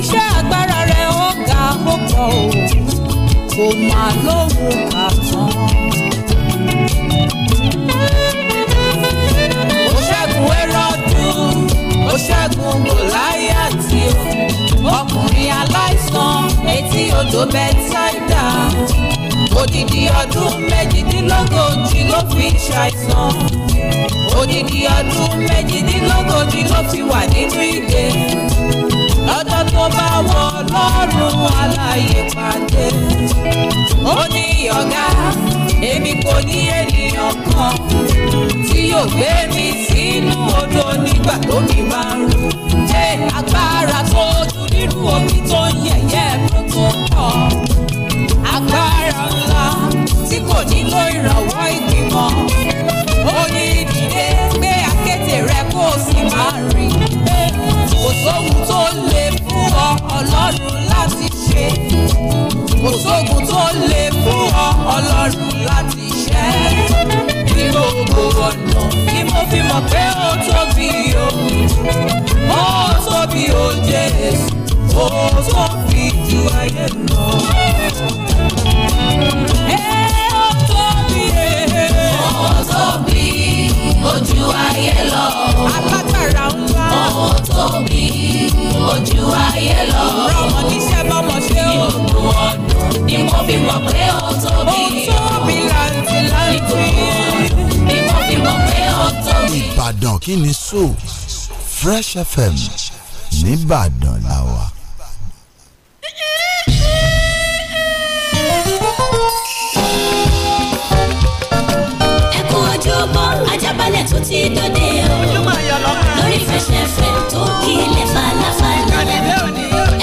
iṣẹ́ agbára rẹ̀ ó ga púpọ̀ o kò má lóhùn kàtàn. ó ṣẹ́gun erodu ó ṣẹ́gun gòláyàtì o ọkùnrin aláìsàn etí odò bẹ́tàìdá odidi ọdún méjìdínlógójì ló fi ṣàìsàn odidi ọdún méjìdínlógójì ló fi wà nínú ìdè tó bá wọ lọ́rùn aláyè pàdé. ó ní ọ̀gá èmi kò ní ènìyàn kan tí yóò gbé mi sínú odò nígbà tó mi máa ń rú. ṣé agbára tó jù nínú omi tó ń yẹ̀yẹ́ protocol. agbára ńlá tí kò nílò ìrànwọ́ ìgbìmọ̀. ó ní. sóhun tó lè fún ọ ọlọ́run láti ṣe kò sóhun tó lè fún ọ ọlọ́run láti ṣe ní gbogbo ọ̀nà ni mo fi mọ̀ pé ó tóbi o ó tóbi o Jésù ó tóbi ju ayé lọ. ojú ayé lọ. alágbára ń wá. ọmọ tóbi ojú ayé lọ. rọmọ níṣẹ́ bọ́mọ ṣe o. nínú ọdún ni mo fi mọ̀ pé ó tóbi. ó tóbi láti láti. ni mo fi mọ̀ pé ó tóbi. Ìbàdàn kí ni so Fresh FM nìbàdàn làwà. fẹsẹ̀ fẹ́ tó kílẹ̀ falafala.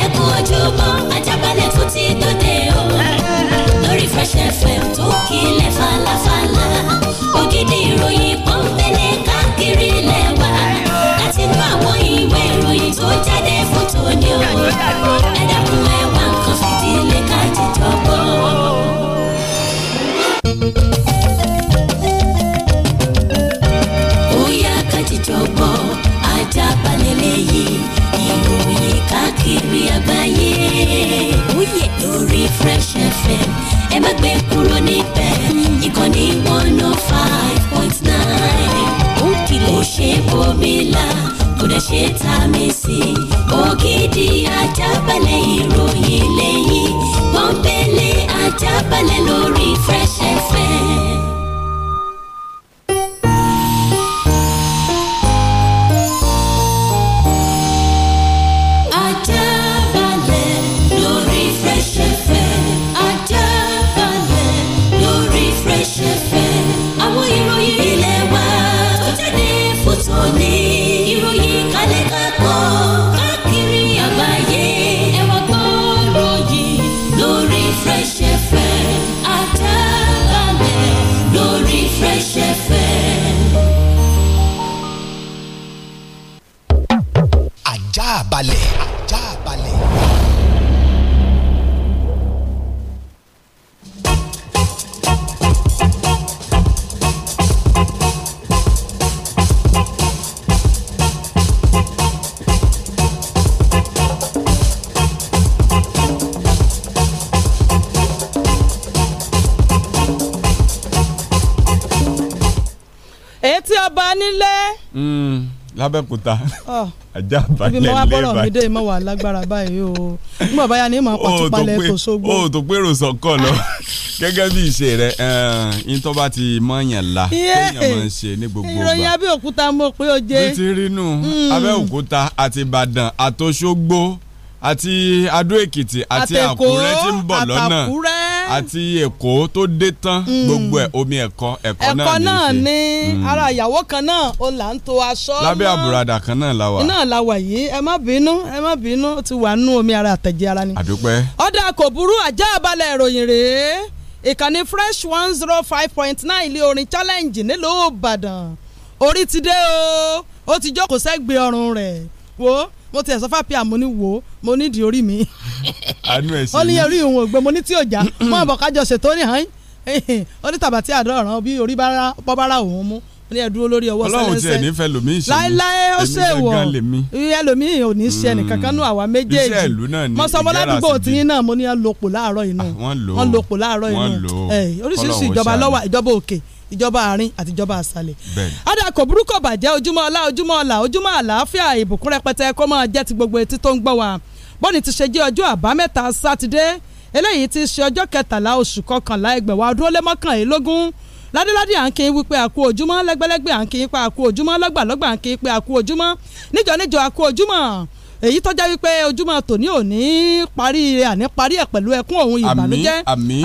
ẹ kú ojúmọ́ ajábalẹ̀ tó ti dòde o. lórí fẹsẹ̀ fẹ́ tó kílẹ̀ falafala. ògidì ìròyìn pọ́npẹ́lẹ́ káàkiri lẹ́wà. láti inú àwọn ìwé ìròyìn tó jáde fún tòní o. ẹ dákun ẹ nǹkan fìdílé ká jíjọ gbọ́. ó yá ká jíjọ gbọ́. Àjààbálẹ̀ lẹ́yìn ìròyìn káàkiri àgbáyé. Oyè lórí Fresh FM ẹ má gbé kúrò níbẹ̀ ìkànnì one oh five point nine. Ó kìlọ̀ ṣe bòmílà kò dẹ̀ ṣe tá a mi sí. Ògidì àjààbálẹ̀ ìròyìn lẹ́yìn pọ́npẹ́lẹ́ àjààbálẹ̀ lórí Fresh FM. lábẹ́kúta ah. ajá balẹ̀ lẹ́bàá ibi mọ́wá bọ́rọ̀ mi dé ìmọ̀ wà lágbára báyìí o nígbà báyà ni ìmọ̀ pàtúpalẹ̀ tó sógbó. o tó pérò sọ́kọ̀ lọ gẹ́gẹ́ bí ìṣe rẹ ìtọ́ eh, bá ti mọ̀yàn la téèyàn máa ń ṣe ní gbogbo ìgbà. ìròyìn abẹ́òkúta mo pé ó jẹ́. mo ti rí nù hmm. abẹ́òkúta àti ìbàdàn àtòṣogbo àti adó èkìtì àti àkúrẹ́ tí ń bọ̀ lọ́nà àtàkùrẹ́ àti èkó tó dé tán mm. gbogbo ẹ̀ omi ẹ̀kọ́ ẹ̀kọ́ náà ní í ṣe. ẹ̀kọ́ náà ní ara ìyàwó kan náà ó là ń to aṣọ náà. lábẹ́ àbùradà kan náà la wà. iná la wà yìí ẹ má bínú ẹ má bínú ó ti wà nú omi ara àtẹ̀jẹ́ ara ni. àdúpẹ́. ọ̀dà kò burú àjẹ́ àbálẹ̀ ìròyìn rèé ìkànnì fresh one zero five point nine ilé orin challenge nílùú ìbàdàn orí ti dé o ó ti jókòó sẹ́gbẹ̀ẹ́ ọrùn rẹ̀ wò ó mo tiẹ̀ sọ fápẹ́ àmọ́ ní wò ó mo ní di orí mi ó ní orí òun ògbó mo ní tí ò já mọ́ àbọ̀ kájọ ṣètò ní hàn ó ní tàbá tí àdó ọ̀ràn bí orí bọ́ bára òun mú ó ní ẹ dúró lórí ọwọ́ sẹ́lẹ̀sẹ́ ọlọ́run tiẹ̀ nífẹ̀ẹ́ lomi ìṣẹ̀lú láéláé ó ṣe wọ̀ ẹlòmíì ò ní ṣe nìkankan nù àwa méjèèjì iṣẹ́ ìlú náà ni mọ̀sánmọ́ ládùúgbò tiyín náà mo ní ah, ẹ lòpò láàárọ̀ inú wọ́n lòpò láàárọ̀ inú oríṣiríṣi ìjọba lọ́wọ́ ìjọba òkè ìjọba àárín àti ìjọba àṣàlẹ̀. adakọ̀ burúkọ̀ bàjẹ́ ojúmọ́ ọlá ojúmọ́ ọlà ojúmọ́ àlàáfíà ìbùkún rẹpẹtẹ kó máa jẹ́ ti gbogbo etí tó ń gbọ́ wa bọ́ọ̀nì ti ṣe jẹ́ ọjọ́ àbámẹ́ta sátidé eléyìí ti ṣe ọjọ́ kẹtàlá oṣù kọkànlá ẹgbẹ̀wá ọdún ó lé mọ́kànlélógún ládéládé à ń kí wípé àkú ojúmọ́ lẹ́gbẹ́lẹ́gbẹ́ à ń kí pé àkú ojúmọ́ lọ́gbàlọ́gbà à ń kí pé àkú ojúmọ́ níjọ níjọ àkú ojúmọ́ èyí tọ́já wípé ojúmọ́ tòní òní parí àní parí ẹ̀ pẹ̀lú ẹkún òun ìbànújẹ́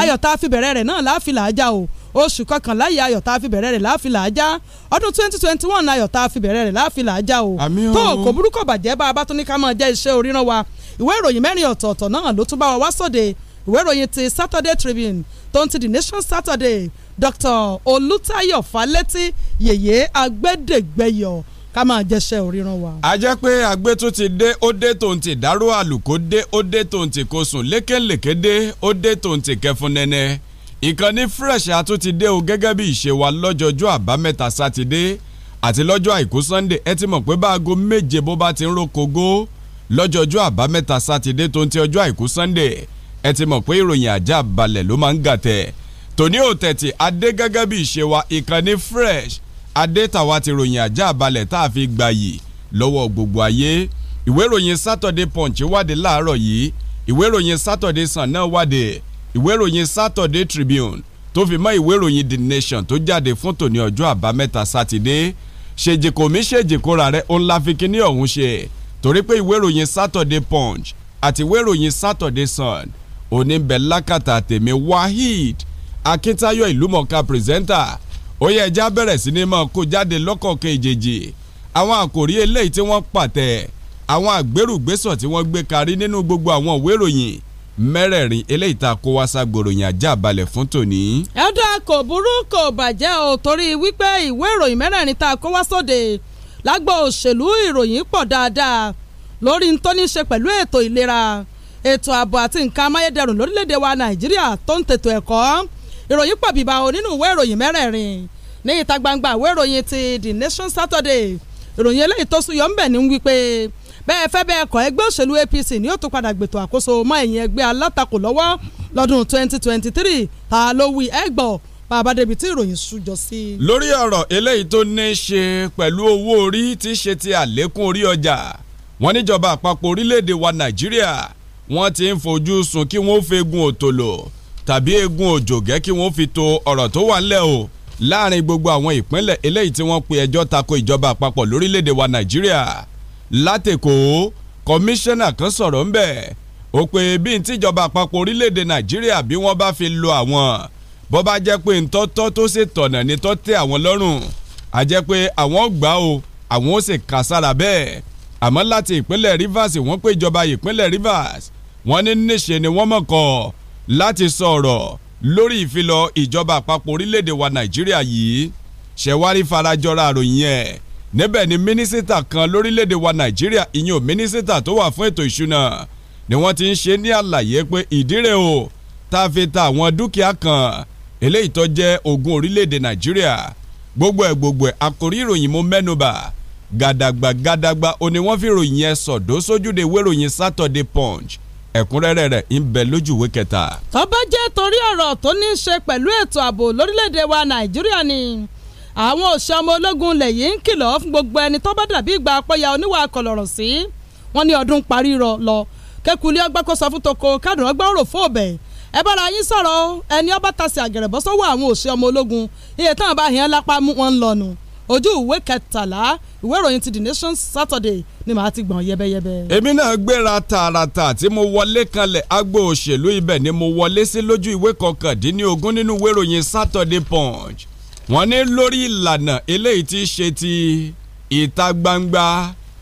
ayọ̀ tá a fi bẹ̀rẹ̀ rẹ̀ náà láàfin làájá o oṣù kọkànlá yìí ayọ̀ tá a fi bẹ̀rẹ̀ rẹ̀ láàfin làájá ọdún twenty twenty one ayọ̀ tá a fi bẹ̀rẹ̀ rẹ̀ láàfin làájá o tó kò burúkọ bàjẹ́ bá a bá tún ní ká máa jẹ́ iṣẹ́ oríran wa ìwé ìròyìn mẹ́rin ọ̀tọ̀ọ̀tọ̀ náà ló tún bá wa wá sóde ìwé ìròyìn ti Saturday Tribune tó ń ti The Nation Saturday Dr. Olùtayọ̀ Fálétí yèyé agbẹ́dẹ́gbẹ́yọ̀ ká máa jẹsẹ òríran wa. a jẹ́ pé àgbẹ̀ tún ti dé ó dé tòǹtì dáró àlùkò dé ó dé tòǹtì kò sùn lékèlékè dé ó dé tòǹtì kẹfun nẹ́nẹ́ ìkànnì fresh àtúntì dé o gẹ́gẹ́ bí ìṣe wa lọ́jọ́jọ́ àbámẹ́ta sátidé àti lọ́jọ́ àìkú sunday ẹ ti mọ̀ pé bá aago méje bó bá ti ń rokogó lọ́jọ́jọ́ àbámẹ́ta sátidé tó ń ti ọjọ́ àìkú sunday ẹ ti mọ̀ pé ìròyìn ajá balẹ̀ ló máa ń gàtẹ̀ tòní ò tẹ̀tì adé gẹ́gẹ́ bí ìṣe wa ìkànnì fresh adé tàwa ti ròyìn ajá balẹ̀ tá a fi gbàyì lọ́wọ́ gbogbo ayé ìwé ìròyìn saturday punch wáde láàárọ̀ yìí ìwé ìròyìn saturday sun náà wáde ìwé ìròyìn Saturday Tribune tó fi mọ́ ìwé ìròyìn The Nation tó jáde fún tòní ọjọ́ àbámẹ́ta sátidé ṣèjìkò mi ṣèjìkò ra rẹ òun la fi kíní ọ̀hún ṣe torí pé ìwé ìròyìn Saturday Punch àti ìwé ìròyìn Saturday Sun òní bẹ̀ lákàtà tèmi Waheed Akíntayọ̀ ìlúmọ̀ọ́ká pírẹsẹ́ńtà ó yẹ ẹja bẹ̀rẹ̀ sí ni mọ̀ kó jáde lọ́kọ̀ọ̀kan ìjèjì àwọn àkòrí eléyìí tí wọ́n pàtẹ àwọn àgbérùgbésọ̀ tí wọ́n gbé karí nínú gbogbo àwọn ìwé ìròyìn mẹ́rẹ̀ẹ̀rin eléyìí tá a kó wá ságbòrò ajá balẹ̀ fún tòní. ẹ̀dá kò burú kò bàjẹ́ o torí wípé ìwé ìròyìn mẹ́rẹ̀ẹ̀rin tá a kó wá sóde lágbo òṣèlú ìròyìn pọ̀ dáadáa lórí n tó ní ṣe pẹ̀lú ètò ìlera ètò ààbò àti nǹkan amáyédẹrùn lórílẹ̀‐èdè wa nàìjíríà tó ń tètò ẹ̀kọ́ ìròyìn pọ̀ bíbá o nínú ìwé ìròyìn mẹ́rẹ̀ẹ̀rin ní ìta gbangba ìwé ìròyìn ti The Nation Saturday ìròyìn eléyìí tó súyọ ńbẹ̀ ní wípé bẹ́ẹ̀ fẹ́ bẹ́ẹ̀ kọ́ ẹgbẹ́ òṣèlú APC ni ó tún padà gbètò àkóso mọ́ ẹ̀yìn ẹgbẹ́ alátakò lọ́wọ́ lọ́dún 2023 ta ló wí ẹgbọ́ bàbá débi tí ìròyìn sújọ sí. lórí ọ̀rọ̀ eléyìí tó ní í ṣe pẹ̀lú owó orí tí í ṣe ti àlékún orí ọjà wọ́n níjọba àpapọ̀ orílẹ̀-èdè wa Nàìjíríà wọ́n ti ń fojú sùn kí wọ́n fi egun òtòlò tàbí egun òjògẹ́ kí wọ́n fi to ọ̀rọ̀ tó wà ńlẹ̀ o láàrin gbogbo àwọn ìpínlẹ̀ eléyìí tí wọ́n pe ẹjọ́ tako ìjọba àpapọ̀ lórílẹ̀-èdè wa Nàìjíríà látẹ̀kọ́ kọmíṣánná kan sọ̀rọ̀ ń bẹ̀ ó pé bí n tíjọba àpapọ̀ orílẹ̀-èdè nàìjíríà bí wọ́n bá fi lo àwọn bó bá jẹ́ pé ntọ́tọ́ tó ṣe tọ̀nà ní tọ́ tẹ́ àwọn lọ́rùn a jẹ́ pé àwọn gbà o àwọn ó sì kà sára bẹ́ẹ̀ àmọ́ láti ìpínlẹ̀ Rivers wọ́n pé ìjọba ìpínlẹ̀ Rivers wọ́n ní níṣe ni wọ́n mọ̀kọ́ láti sọ̀rọ̀ lórí ìfilọ̀ ìjọba àpapọ̀ orílẹ̀-èdè wa nàìjíríà yìí ṣẹ̀wárí farajọra àròyìn ẹ̀ níbẹ̀ ni mínísítà kan lórílẹ̀‐èdè wa nàìjíríà ìyẹn ò mínísítà tó wà fún ètò ìṣúná ni wọ́n ti ń ṣe ní àlàyé pé ìdírè o tá a fi ta àwọn dúkìá kan eléyìí tó jẹ́ ogún orílẹ̀‐èdè nàìjíríà gbogbo ẹ̀ gbogbo ẹ̀ àkórí ìròyìn mo mẹ́nuba gàdàgbà gàdàgbà ó ní wọ́n fi ròyìn ẹ̀ sọ̀dọ́ sójúde wéròyìn Saturday Punch ẹ̀kúnrẹ́rẹ́ rẹ̀ ń bẹ lójúwé kẹta. tó bá jẹ́ torí ọ̀rọ̀ tó ní í ṣe pẹ̀lú ètò ààbò lórílẹ̀‐èdè wa nàìjíríà ni àwọn òṣìṣẹ́ ọmọ ológun ilẹ̀ yìí ń kìlọ̀ fún gbogbo ẹni tó bá dàbí ìgbà apẹ́yà oníwà akọ̀lọ̀rọ̀ sí wọ́n ní ọdún parí rọ lọ kẹkùlé ọgbà kó sọ fún toko kádùn ọgbà òrò fún ọbẹ̀ ẹ bára yín sọ̀rọ̀ ẹni ọba tasẹ̀ àgẹ̀rẹ̀bọ́ sọ́wọ́ àwọn òṣìṣẹ́ ọmọ ológun iye táwọn bá yẹn lápá mú wọn lọ́nu ojú ìwé kẹtàlá ìwé ìròyìn ti the nation saturday ni màá ti gbọ̀n yẹbẹyẹbẹ. èmi náà gbéra tààràtà tí mo wọlé kanlẹ̀ agbo òṣèlú ibẹ̀ ni mo wọlé sí lójú ìwé kọkàndínlógún nínú ìwé ìròyìn saturday punch wọ́n ní lórí ìlànà eléyìí ti ṣe ti ìta gbangba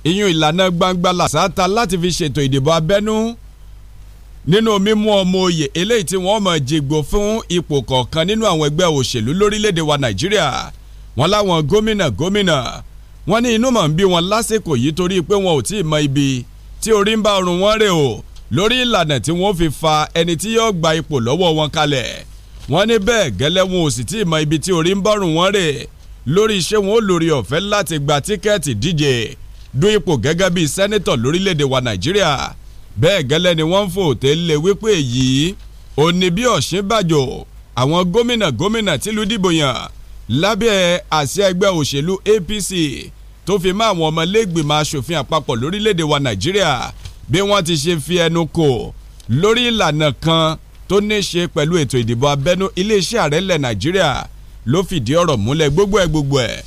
iyún ìlànà gbangba làṣáta láti fi ṣètò ìdìbò abẹ́nú nínú mímú ọmọ oyè eléyìí tí wọ́n mọ̀ jìgbò fún ipò kọ̀ọ̀kan nínú àwọn ẹgbẹ́ òṣèlú lórílẹ̀‐èdè wa nàìjíríà wọ́n láwọn gómìnà gómìnà wọ́n ní inú mọ̀ ń bí wọn lásìkò yìí torí pé wọn ò tí ì mọ ibi tí orí ń bá ọrùn wọn rè o lórí ìlànà tí wọ́n fi fa ẹni tí yóò gba ipò lọ́wọ́ wọn kalẹ̀ wọ́n ní bẹ́ẹ̀ gẹ́lẹ́ wọn ò sì tí ì mọ ibi tí orí ń bọ́rùn wọn rè lórí iṣẹ́ wọn ó lórí ọ̀fẹ́ láti gba tíkẹ́ẹ̀tì díje du ipò gẹ́gẹ́ bíi sẹ́nítọ̀ lórílẹ̀‐èdè wa nàìjíríà bẹ́ẹ̀ gẹ́lẹ́ ni wọ́n ń fò tẹ́lẹ̀ wípé yìí ò ní bí ọ̀ṣínbàjò àwọn gómìnà gómìnà tìlú dìbò yàn lábẹ́ àsíá ẹgbẹ́ òṣèlú APC tó fi mọ́ àwọn ọmọlẹ́gbìmọ̀ asòfin àpapọ̀ lórílẹ̀‐èdè wa nàìjíríà bí wọ́n ti ṣe fi ẹnu kò lórí ìlànà kan tó ní í ṣe pẹ̀lú ètò ìdìbò abẹ́nú iléeṣẹ́ ààrẹ ilẹ̀ nàìjíríà ló fìdí ọ̀rọ̀ múlẹ̀ gbogbo ẹ̀ gbogbo ẹ̀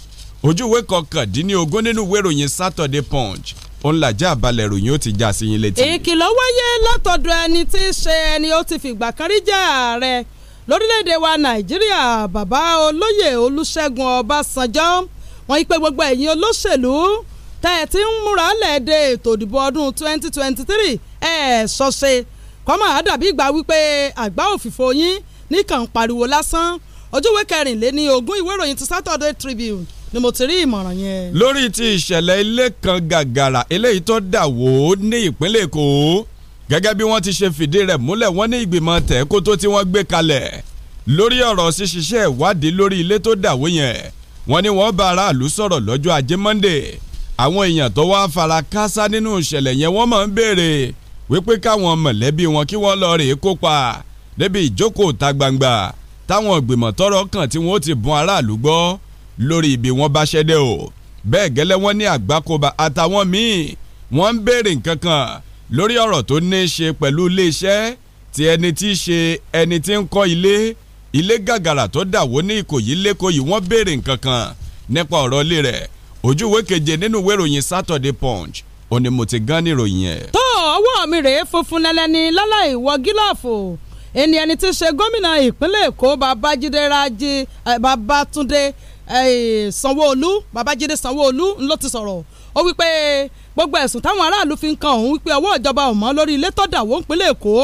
ojú ìwé kọkàndínlógún nínú ìwé Saturday Punch ó àbálẹ̀ ìròyìn ó ti já sí yín létí. ìkìlọ̀ wáyé látọ̀dọ̀ ẹni tí í ṣe ẹni ó ti fìgbà kan rí jẹ́ ààrẹ lórílẹ̀‐èdè wa nàìjíríà bàbá olóyè olúṣẹ́gun ọbásanjọ́ wọ́n ipe gbogbo ẹ̀yin olóṣèlú tẹ́ ẹ ti ń múra lẹ́ẹ̀dẹ̀ ètò ìdìbò ọdún 2023 ẹ̀ ṣọ́ṣe kọ́mọ̀ àdàbí gba wípé àgbá òfìfo yín níkàn pariwo lásán ojúwe kẹrìnléní ogún ìwé ìròyìn ti Saturday Tribune ni mo ti rí ìmọ̀ràn yẹn. lórí ti ìṣẹ̀lẹ̀ ilé kan gàgàrà eléyìí tó dà wó ní ìpínlẹ̀ Èkó gẹ́gẹ́ bí wọ́n ti ṣe fìdí rẹ̀ múlẹ̀ wọ́n ní ìgbìmọ̀ tẹ̀kótó tí wọ́n gbé kalẹ̀ lórí ọ̀rọ̀ ṣíṣiṣẹ́ ìwádìí lórí ilé tó dàwó yẹn wọ́n ní wọ́n bá aráàlú sọ̀rọ̀ lọ́jọ́ ajé Monday àwọn èèyàn tó wá fara káásá nínú ìṣẹ̀lẹ̀ wípé káwọn mọ̀lẹ́bí wọn kí wọ́n lọ rèé kópa débi ìjókòó ta gbangba táwọn ìgbìmọ̀ tọ́rọ̀ kàn tí wọ́n ti bùn aráàlú gbọ́ lórí ibi wọn bá ṣẹ́dẹ̀ o bẹ́ẹ̀ gẹ́lẹ́ wọ́n ní àgbákòbá àtàwọn míì wọ́n ń béèrè nǹkan kan lórí ọ̀rọ̀ tó ní í ṣe pẹ̀lú iléeṣẹ́ ti ẹni tí í ṣe ẹni tí ń kọ́ ilé ilé gàgàrà tó dàwó ní Ìkòyí l'Ékòyí wọ́n béèrè nǹkan kan nípa ọ̀rọ̀ ilé rẹ̀ ojú keje nínú ìwé ìròyìn Saturday Punch ó ní mo ti gán níròyìn ẹ̀. tó ọwọ́ mi rèé funfun lẹ́lẹ́ni láláì wọ gílọ̀fù ẹni ẹni tí í ṣe gómìnà ìpínlẹ̀ Èkó Babájídé Rájí Babátúndé sanwó Babájídé sanwó ló ti sọ̀rọ̀ ó wípé gbogbo ẹ̀sùn táwọn aráàlú fi ń kan òun wípé ọwọ́ ìjọba ò lórí ilé tó dà wó ìpínlẹ̀ Èkó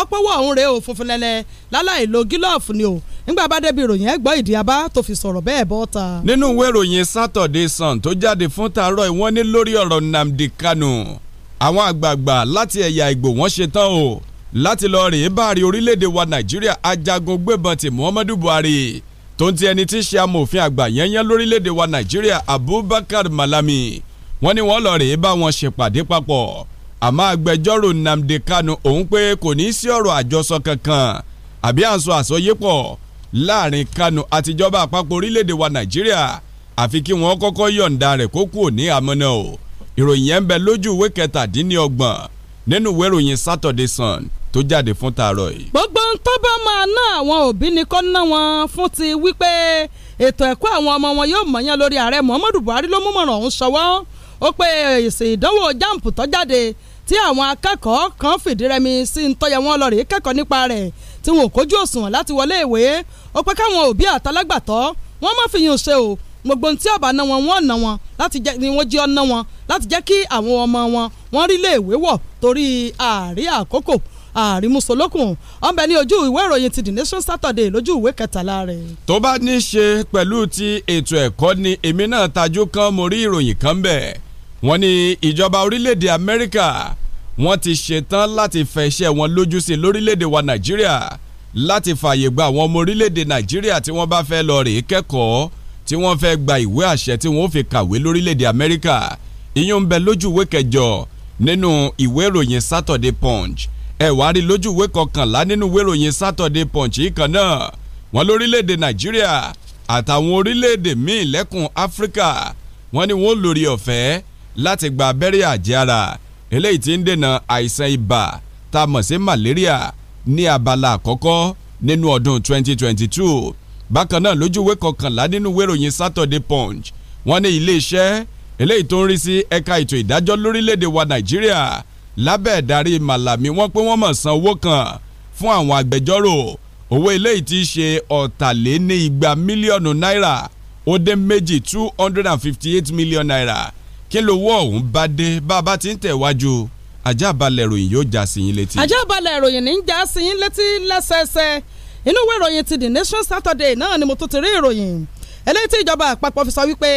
ọpọwọ ọ̀hún rèé o funfun lẹ́lẹ́ láláì lo gílọ́ọ̀fù ni o nígbà bá débi ìròyìn ẹ gbọ́ ìdí abá tó fi sọ̀rọ̀ bẹ́ẹ̀ bọ́ ta. nínú ìwé ìròyìn Saturday Sun tó jáde fún taarọ̀ ìwọ́n ní lórí ọ̀rọ̀ Nnamdi Kanu àwọn àgbààgbà láti ẹ̀yà Ìgbò wọ́n ṣe tán o láti lọ rèé báàrí orílẹ̀-èdè wa Nàìjíríà ajagun gbébọn ti Muhammadu Buhari tó ń ti ẹni tí í ṣe amòfin àgbà yẹnyẹn lórílẹ̀-èdè wa Nàìjíríà Abubakar Malami wọ́n ní wọ́n lọ rèé bá wọn ṣèpàdé papọ̀ àmọ́ agbẹjọ́rò Nnamdi Kanu òun pé kò ní í sí ọ̀rọ̀ àjọsọ kankan àbí à ń sọ àsọyépọ̀ láàrin Kanu àtijọba àpapọ̀ orílẹ̀-èdè wa Nàìjíríà àfi kí wọ́n kọ́kọ́ yọ̀ǹda rẹ̀ kó kúrò ní àmọ́nà o ìròyìn yẹn ń bẹ lójú ìwé kẹtàdínlọ́gbọ̀n nínú ìwé ìròyìn Saturday Sun tó jáde fún tààrọ̀ yìí. gbogbo ń tó bá máa ná àwọn òbí ni kò ná wọn fún ti wípé ètò ẹ̀kọ́ àwọn ọmọ wọn yóò mọ̀yán lórí ààrẹ Muhammadu Buhari ló mú mọ̀ràn ọ̀hún ṣọwọ́ ó pé èsì ìdánwò JAMB tó jáde tí àwọn akẹ́kọ̀ọ́ kan fìdírẹmi sí ń tọ́yẹ wọn lọ́ọ̀rẹ́ kẹ́kọ̀ọ́ nípa rẹ̀ tí wọn ò kójú òṣùwọ̀n láti wọlé ìwé ó pẹ́ káwọn òbí àtàlágbàtọ́ wọ́n má fi yùn ṣe o gbogbo tí ọba ná wọn wọ́n ná wọn láti jẹ́ ni wọ́n jí ọ́nà wọn láti jẹ́ kí àwọn ọmọ wọn wọ́n rí lé ìwé wọ̀ torí ààrí àkókò àrímúsolókùn ọ̀nbẹ ní ojú ìwé ìròyìn ti the nation saturday lójú ìwé kẹtàlá rẹ̀. tó bá ní í ṣe pẹ̀lú ti ètò ẹ̀kọ́ ni èmi náà tajú kan mo rí ìròyìn kan bẹ́ẹ̀ wọ́n ní ìjọba orílẹ̀-èdè Amẹ́ríkà wọ́n ti ṣetán láti fẹ́ iṣẹ́ wọn lójú sí lórílẹ̀-èdè wa Nàìjíríà láti fààyè gba àwọn ọmọ orílẹ̀-èdè Nàìjíríà tí wọ́n bá fẹ́ lọ rèé kẹ́kọ̀ọ́ tí wọ́n fẹ́ gba ìwé àṣẹ tí wọ́n fi kàwé lórílẹ̀‐èdè Amẹ́ríkà ìyẹn ń bẹ lójú ìwé kẹjọ nínú ìwé ìròyìn Saturday Punch ẹ wá rí lójú ìwé kọkànlá nínú ìwé ìròyìn Saturday Punch yìí kan náà wọ́n lórílẹ̀‐èdè Nàìjíríà àtàwọn orílẹ̀‐èdè míì lẹ́kùn Áfíríkà wọ́n ní wọ́n lórí ọ̀fẹ́ láti gba abẹ́rẹ́ àjẹára eléyìí tí ń dènà àìsàn ibà tá a mọ̀ sí malaria ní abala àkọ́kọ́ nínú ọdún 2022 bákan náà lójúwé kọkànlá nínú wéròyìn Saturday Punch wọ́n ní iléeṣẹ́ eléyìí tó ń rí sí ẹ̀ka ètò ìdájọ́ lórílẹ̀‐èdè wa Nàìjíríà lábẹ́ ìdarí Màlàmí wọ́n pé wọ́n mọ̀ san owó kan fún àwọn agbẹjọ́rò owó eléyìí ti ṣe ọ̀tàlénígba mílíọ̀nù náírà ó dé méjì two hundred and fifty eight million naira kí lowó ọ̀hún bá dé bá a bá ti ń tẹ̀wájú ajábalẹ̀ ìròyìn yóò já sí yín létí. ajábalẹ̀ ìròyìn ní í já sí yín létí lẹ́sẹẹsẹ inú ìwé ìròyìn ti the nation saturday náà ni mo tún ti rí ìròyìn eléyìí tí ìjọba àpapọ̀ fi sọ wípé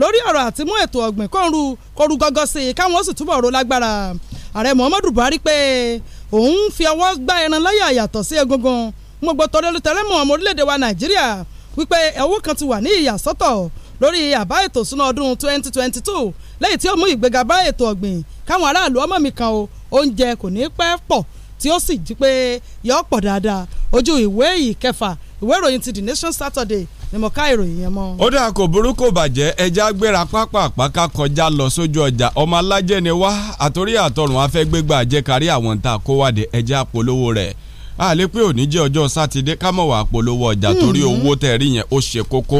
lórí ọ̀rọ̀ àti mú ètò ọ̀gbìn kọ́ńrú kọ́ńrú gọ́gọ́ sí i káwọn ó sì túbọ̀ ro lágbára ààrẹ muhammadu buhari pé òun fi ọwọ́ gbá ẹran láyà yàtọ̀ sí egungun gbogbo tọrẹ́lú tẹrẹ́mọ̀ ọmọ orílẹ̀-èdè wa nàìjíríà wípé owó kan ti wà ní ìyàsọ́tọ̀ lórí àbá ètò ìsúná ọdún 2022 lẹ́yìn tí ó mú ìgbéga bá ètò ọ̀gbìn káwọn aráàlú ọmọ mi kan o oúnjẹ kò ní pẹ́ pọ̀ tí ó sì jí pé yọ pọ̀ dáadáa ojú ìwé ìkẹfà ìwé ìròyìn ti The Nation Saturday ni mo ká ìròyìn yẹn mọ́. ó dà kò burú kò bàjẹ́ ẹja gbéra pápá àpáká kọjá lọ sójú ọjà ọmọ alájẹ ni wá àtòrí àtọrùn afẹ́gbégbà jẹ́ kárí àwọn tá kó wádìí ẹja polówó rẹ̀ àlẹ́ pé òní jẹ́ ọjọ́ sátidé ká mọ̀ wá polówó ọjà hmm. torí owó tẹ̀ rí yẹn ó ṣe kókó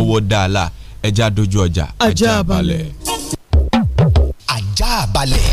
owó dàlà ẹja dojú ọjà ajá balẹ̀. ajá balẹ̀. ajá balẹ̀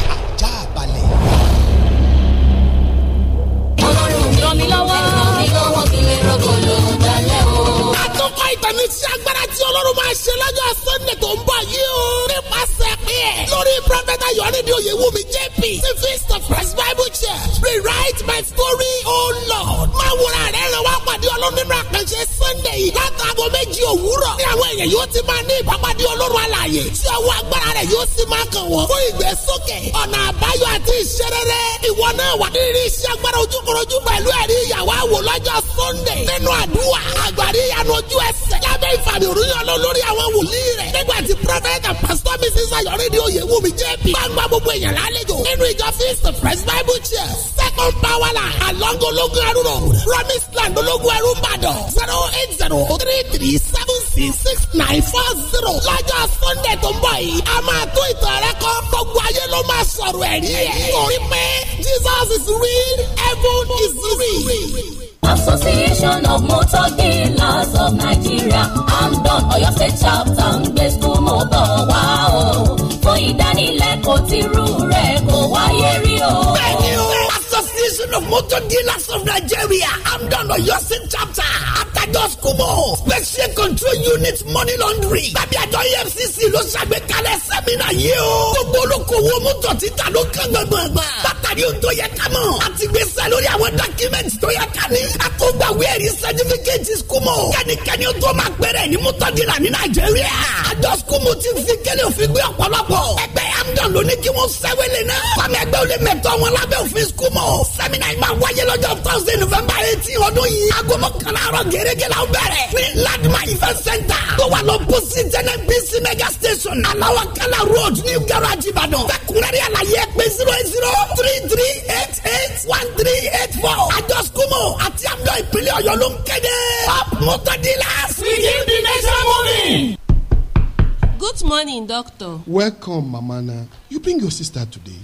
ìtàní sí agbára tí ọlọ́run máa ṣe lọ́jọ́ sunday tó ń bọ̀ yìí o. nípasẹ̀ pé ẹ̀ lórí prọfẹ̀tà yọ̀ọ́nìdí oyèwùmí jp ti feast of christ bible church rewrite my story o lord. máa wúra rẹ̀ rẹ̀ wá pàdé ọlọ́run nínú àpẹ̀ṣẹ sunday yìí látàgọ́ méjì òwúrọ̀ ní àwọn èèyàn yóò ti máa ní ìbápadé ọlọ́run alààyè tí ọwọ́ agbára rẹ̀ yóò sì máa kàn wọ́n fún ìgbésókè ọ̀nà àbáyọ àti ìṣerere ìwọ náà wà nínú iṣẹ́ agbára ojúkòròjú pẹ̀lú ẹ̀rí ìyàwó àwò lọ́jọ́ sunday nínú àdúrà àgbàrí ìyanu ojú ẹsẹ̀ lábẹ́ ìfàmì òrùyàn lọ lórí àwọn wòlíì rẹ̀. nígbà tí prọfẹ̀tà pásítọ̀ mrs ayọ̀rẹ́dì oyèwùmí jp. gbangba gbogbo èèyàn lálejò. nínú ìjọ feast first bible church second power la alongo ológun arúrò promise land ológun ẹrú mbàdàn zero eight zero three three seven six six nine four zero. lọ́jọ́ sunday tó ń bọ̀ yìí a máa tó ìtàn rẹ kọ́ gbogbo ayé ló máa sọ̀rọ̀ ẹ̀rí ẹ̀. torí pé jesus is real heaven is real association of motor dealers of nigeria amdon ọ̀yọ́ state chapter ń gbé school mo bọ̀ wá o fún ìdánilẹ́kọ̀ọ́ tìrú rẹ̀ kò wáyé rí o. bẹ́ẹ̀ni o association of motor dealers of nigeria amdon ọ̀yọ́ state chapter àtàjọ school mo special control unit money laundry tàbí àjọ efcc ló ṣàgbékalẹ̀ sẹ́mínà yìí o. gbogbo olókoòwò mọ́tò títà ló kán gbọ̀ngbọ̀ngbọ̀n rí ohun tó yẹ ká mọ̀. a ti gbèsè lórí àwọn dọ́kímẹ́ǹtì tó yẹ ká ní. a tó gbà wíẹ̀rí sẹ́tífíkẹ́tì skúmọ̀. kẹ́nikẹ́ni tó máa pẹ́rẹ́ ní mọ́tọ́dínlá ní nàìjíríà. àjọ skúmọ̀ ti fi kẹ́lẹ́ òfin gbé ọ̀pọ̀lọpọ̀. ẹgbẹ́ amdọ̀ ló ní kí wọ́n sẹ́wẹ́lẹ̀ náà. fami ẹgbẹ́ olè mẹ́tọ́ wọn lábẹ́ òfin skúmọ̀. sẹ́mínà yìí wáyé lọ́jọ́ tọ́sídẹ̀ẹ́ nọ́fẹ̀mbà eighteen ọdún yìí. aago mọ́kànlá àárọ̀ gẹ́gẹ́ la bẹ̀rẹ̀. ní ladima event center. tó wà lọ three eight eight one three eight four. àjọ skumo àti àmì ìpínlẹ̀ ọ̀yọ́ ló ń kéde. pop motor dealers. begin the nation moving. good morning doctor. welcome mamana you bring your sister today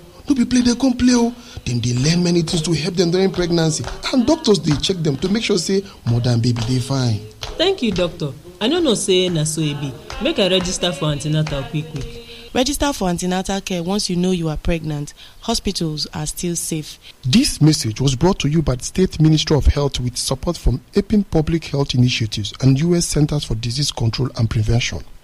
no be play dem come play o oh. dem dey learn many things to help dem during pregnancy and doctors dey check dem to make sure say mother and baby dey fine. thank you doctor i no know say na so e be make i register for an ten atal quick quick. register for an ten atal care once you know you are pregnant hospitals are still safe. this message was brought to you by the state ministry of health with support from apin public health initiatives and us centers for disease control and prevention.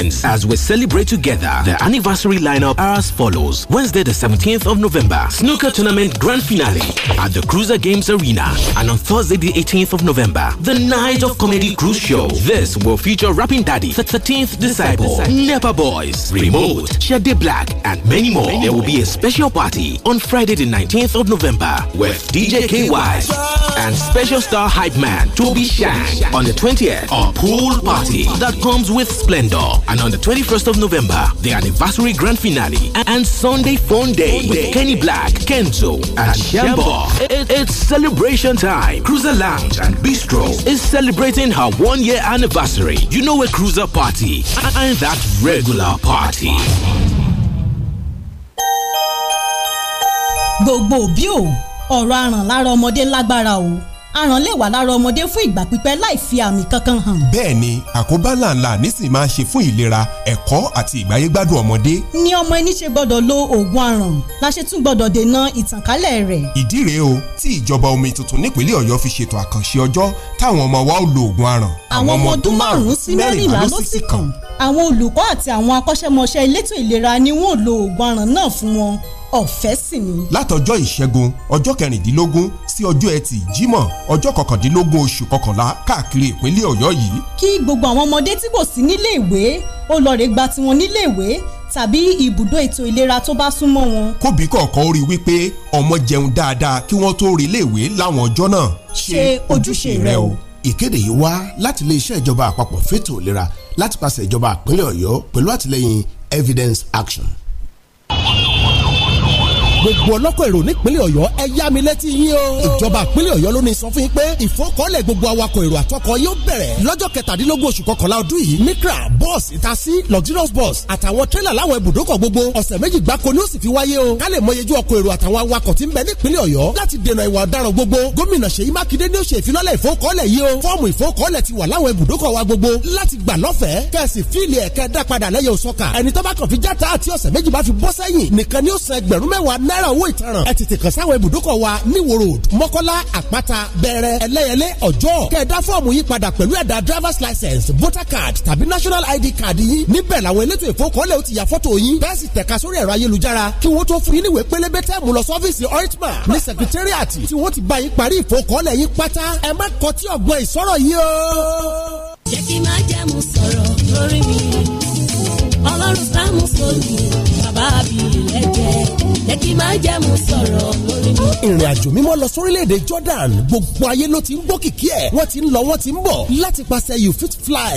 events as we celebrate together. The anniversary lineup are as follows. Wednesday the 17th of November, Snooker Tournament Grand Finale at the Cruiser Games Arena. And on Thursday the 18th of November, the Night of Comedy Cruise Show. This will feature Rapping Daddy, The 13th Disciple, Nepa Boys, Remote, Shade Black, and many more. There will be a special party on Friday the 19th of November with DJ KY and special star hype man Toby Shang on the 20th on Pool Party that comes with splendor and on the 21st of November, the anniversary grand finale and Sunday Fun Day with Kenny Black, Kenzo, and Shambo. It, it's celebration time. Cruiser Lounge and Bistro is celebrating her one year anniversary. You know a cruiser party and that regular party. gbogbo bio o ọ̀rọ̀ aràn lára ọmọdé lágbára o aràn lè wà lára ọmọdé fún ìgbà pípẹ́ láì fi àmì kankan hàn. bẹ́ẹ̀ni àkóbá ńláńlá nísì máa ṣe fún ìlera ẹ̀kọ́ àti ìgbáyégbádùn ọmọdé. ni ọmọ ẹni ṣe gbọ́dọ̀ lo oògùn aràn la ṣe tún gbọ́dọ̀ dènà ìtànkálẹ̀ rẹ̀. ìdí rèé o tí ìjọba omi tuntun nípínlẹ̀ Ọ̀yọ́ fi ṣètò àkànṣe ọjọ́ táwọn ọmọ wa ó lo oògùn aràn. àwọn ọmọ ọdún márùn sí mẹ́rìnlá ló sì kàn àwọn olùkọ́ àti àwọn akọ́ṣẹ́mọṣẹ́ elétò ìlera ni wọ́n lo oògùn aràn náà fún wọn ọ̀fẹ́ sì ni. látọjọ́ ìṣẹ́gun ọjọ́ kẹrìndínlógún sí ọjọ́ ẹtì jímọ̀ ọjọ́ kọkàndínlógún oṣù kọkànlá káàkiri ìpínlẹ̀ ọ̀yọ́ yìí. kí gbogbo àwọn ọmọdé tí kò sí nílé ìwé ó lọ rè gba tiwọn nílé ìwé tàbí ibùdó ètò ìlera tó bá súnmọ́ wọn. kóbì kọ̀ọ̀kan ó rí wípé ọmọ jẹun dáadáa kí wọ́n tó rí ilé ìwé láwọn ọjọ́ náà. ṣe ojúṣe rẹ o. ìkéde yìí wá láti iléeṣẹ́ ìjọba àpapọ̀ fẹ́tò ìlera láti pàṣẹ ìjọba ìpínlẹ̀ Ọ̀yọ́ pẹ̀lú àtìlẹ́yìn Evidence Action gbogbo ọlọ́kọ̀ èrò nípínlẹ̀ ọ̀yọ́ ẹ yá mi létí yín o. ìjọba ìpínlẹ̀ ọ̀yọ́ ló ní sọ fún yín pé ìfọkànlẹ̀ gbogbo awakọ̀ èrò àtọkọ̀ yóò bẹ̀rẹ̀ lọ́jọ́ kẹtàdínlógún oṣù kọkànlá ọdún yìí micra bus itasi luxurious bus àtàwọn tírélà láwọn ibùdókọ̀ gbogbo ọ̀sẹ̀ méjì gbáko ni ó sì fi wáyé o ká lè mọyejú ọkọ̀ èrò àtàwọn awakọ̀ tí ń bẹ nípínlẹ̀ ọ̀yọ́ láti dènà ìwà ọ̀daràn gbogbo gómìnà ṣèyí mákindé ni ó ṣe ìfilọ́lẹ̀ ìfowókọ́lẹ̀ yìí o fọ́ọ̀mù ìfowókọ́lẹ̀ ti wà láwọn ibùdókọ̀ wa gbogbo láti gbà lọ́fẹ̀ẹ́ kẹ̀sì fíìlì ẹ̀kẹ́ dá padà lẹ́yìn òsọ̀kà ẹni tó bá kàn fi játa àti ọ̀sẹ̀ méjì bá fi bọ́ sẹ́yìn nìkan ni ó san ẹgbẹ̀rún mẹ́wàá náírà owó ìtanràn ẹ tètè kàn sáwọn ibùdókọ̀ wa níwò road mọ́kọ́lá àpáta bẹ̀rẹ̀ ẹlẹ́yẹlé ọjọ́ kẹ̀ẹ́dá fọ́ọ̀mù yí padà pẹ̀lú ẹ̀dà driver's license voter card tàbí national id card yín níbẹ̀ làwọn elétò ìfowópamọ́lẹ̀ ó ti ya fọ́tò yín bẹ́ẹ̀ sì tẹ̀ka sórí ẹ̀rọ ayélujára kí wọ́n tó fún yín níwèé pélébé tẹ́ẹ̀mù lọ sọ́fíìsì oritma ní secretariat tí ọlọ́run sáà mú sómi má bì í lẹ́jẹ̀ jẹ́ kí má jẹ́ mu sọ̀rọ̀ lórí ìrìn àjò mímọ́ lọ sórílẹ̀‐èdè Jordan gbogbo ayé ló ti ń gbọ́ kìkì ẹ̀ wọ́n ti ń lọ wọ́n ti ń bọ̀ láti pàṣẹ you fit fly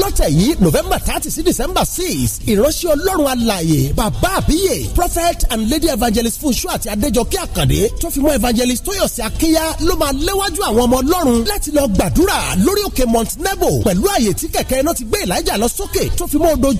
lọ́tẹ̀ yìí November thirty sí December six ìránṣẹ́ Ọlọ́run alààyè bàbá àbíyè prophet and lady evangelist Fúnṣọ́ àti Adéjọkẹ́ Àkàndé tó fi mọ́ evangelist Tóyọ̀sí Akínyà ló máa léwájú àwọn ọmọ Ọlọ́run láti lọ gbàdúrà lórí òkè Mount Nebo pẹ̀lú àyè tí kẹ̀kẹ́ iná ti gbé Elijah lọ sókè tó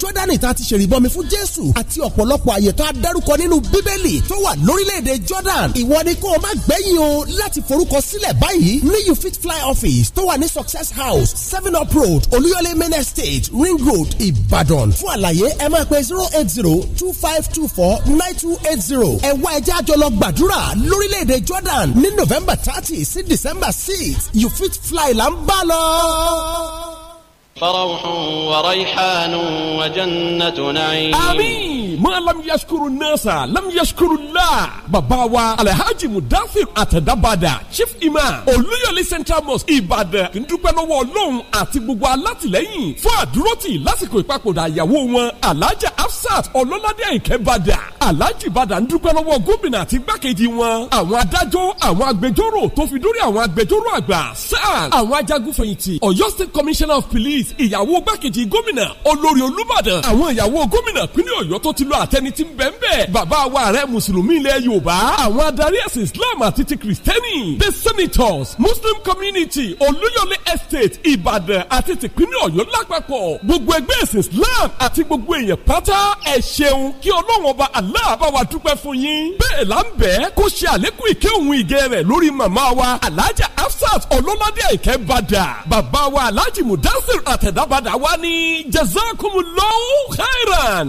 Jordan ìta ti ṣèrìbọmi fún jẹ́ jésù àti ọ̀pọ̀lọpọ̀ àyè tó a dárúkọ nínú bíbélì tó wà lórílẹ̀‐èdè jordan ìwọ ni kó o má gbẹ̀yìn o láti forúkọ sílẹ̀ báyìí ní you fit fly office tó wà ní success house seven up road olúyọlé main estate ring road ìbàdàn fún àlàyé ẹ máa pe zero eight zero two five two four nine two eight zero ẹ wá ẹjẹ́ àjọlọ gbàdúrà lórílẹ̀‐èdè jordan ní november thirty sí december six you fit fly là ń bá lọ. فروح وريحان وجنة نعيم آمين mọ́ lam yashkuru nasa lam yashkuru la bàbá wa alhaji mudafir atadabada, chief imam olúyọ̀lé central mosque ìbàdàn kì í dúpẹ́ lọ́wọ́ ọlọ́run àti gbogbo alátìlẹ́yìn fún àdúrótì lásìkò ìpapòdà àyàwó wọn alhaja afsat ọlọ́ládé àyìnkẹ́ bàdà alhaji bàdà ń dúpẹ́ lọ́wọ́ gómìnà àti igbákejì wọn àwọn adájọ́ àwọn agbẹjọ́rò tó fi dórí àwọn agbẹjọ́rò àgbà sars àwọn ajagunfẹ̀yìntì ọ̀yọ́ state commissioner of police ìyàwó igbákejì gómìnà olórí olúbàdàn àwọn ìyàwó gómìnà pínlẹ̀ ọ̀yọ́ tó ti ìlú àtẹni tí ń bẹ̀ ń bẹ̀ bàbá wa ààrẹ mùsùlùmí ilẹ̀ yorùbá àwọn adarí ẹ̀sìn islam àti ti kìrìsìtẹ́nì the senators muslim community olúyọlé estate ìbàdàn àti tìpínlẹ̀ ọ̀yọ́ lápapọ̀ gbogbo ẹgbẹ́ ẹ̀sìn islam àti gbogbo èèyàn pátá ẹ ṣeun kí ọlọ́run ọba Allah wa dúpẹ́ fún yín bẹ́ẹ̀ là ń bẹ́ẹ̀ kó ṣe àlékún ìkẹ́ òun ìgẹ̀ rẹ̀ lórí màmá wa alájà Hafsat ọlọ́ládé àìkẹ́ bàdà bàbá wa alájì mudasir àtẹ̀dábàdà wa ní jazakumullahu khairan.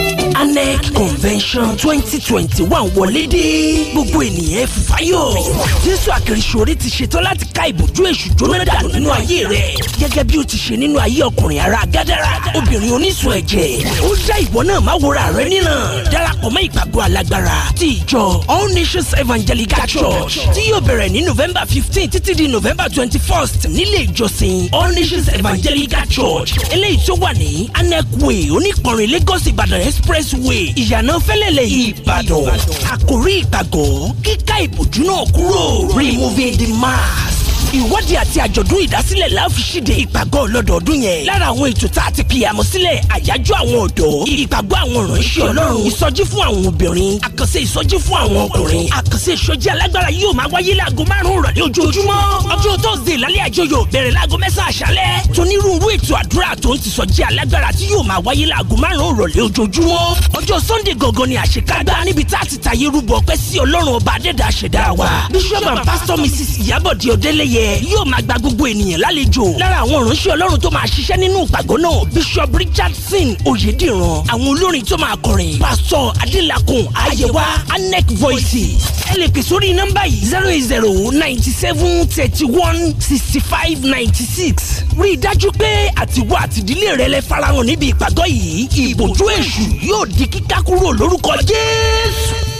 anec convention twenty twenty one wọlé dé gbogbo ènìyàn fàyọ̀ jésù àkèrèsòrí ti ṣetán láti ká ìbòjú èṣù jóná dànù nínú ayé rẹ̀ gẹ́gẹ́ bí o ti ṣe nínú ayé ọkùnrin ara gádàrà obìnrin onísun ẹ̀jẹ̀ ó dá ìwọ náà má wòra rẹ nínà darapọ̀ mọ́ ìgbàgbọ́ alágbára ti ìjọ all nations evangelical church tí yóò bẹ̀rẹ̀ ní november fifteen títí di november twenty first nílé ìjọsìn all nations evangelical church eléyìí tó wà ní anec way oníkànnì lagos ìbàdàn express expressway ìyànà fẹ́lẹ́lẹ̀ ìbàdàn àkórí ìpàgọ́ kíká ìbòjú náà kúrò removing the mask ìwádìí àti àjọ̀dún ìdásílẹ̀ la fi ṣíde ìpàgọ́ ọlọ́dọọdún yẹn lára àwọn ètò tá a ti pìyàmọ́ sílẹ̀ àyájọ́ àwọn ọ̀dọ́ ìpàgọ́ àwọn ìránṣẹ́ ọlọ́run ìsọjí fún àwọn obìnrin àkànṣe ìsọjí fún àwọn ọkùnrin àkànṣe ìsọjí alágbára yóò máa wáyé láago márùn-ún rọ̀lẹ́ ojoojúmọ́ ọjọ́ tóze lálẹ́ àjọyọ̀ bẹ̀rẹ̀ láago mẹ́sàn-án àṣálẹ́ tonírúurú ètò àdúrà tó ń ti sọjí alágbára tí yóò máa wáyé láago márùn-ún rọ̀lẹ́ ojoojúmọ́ ọjọ́ sunday gangan ni àṣekágbá níbi tá a ti tàyé rúbọ pẹ́ sí ọlọ́run ọba adẹ́dàá ṣẹ̀dá wa bishop pastor mrs ìyábọ̀dé ọdẹ́lẹ́yẹ ayẹyẹ yóò máa gba gbogbo ènìyàn lálejò lára àwọn ìránṣẹ́ ọlọ́run tó máa ṣiṣẹ́ nínú ìpàgọ́ náà bishop richardson oyediran àwọn olórin tó máa kọrin pásítọ̀ adélakùn ayẹwa anec voices ẹ sórí nọ́mbà yìí zero eight zero ninety seven thirty one sixty five ninety six rí i dájú pé àtiwọ́ àtìdílé rẹ lè farahàn níbi ìpàgọ́ yìí ìbòjú èṣù yóò di kíká kúrò lórúkọ jésù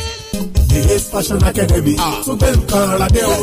the ace fashion academy ah. tó gbé nǹkan ra dé o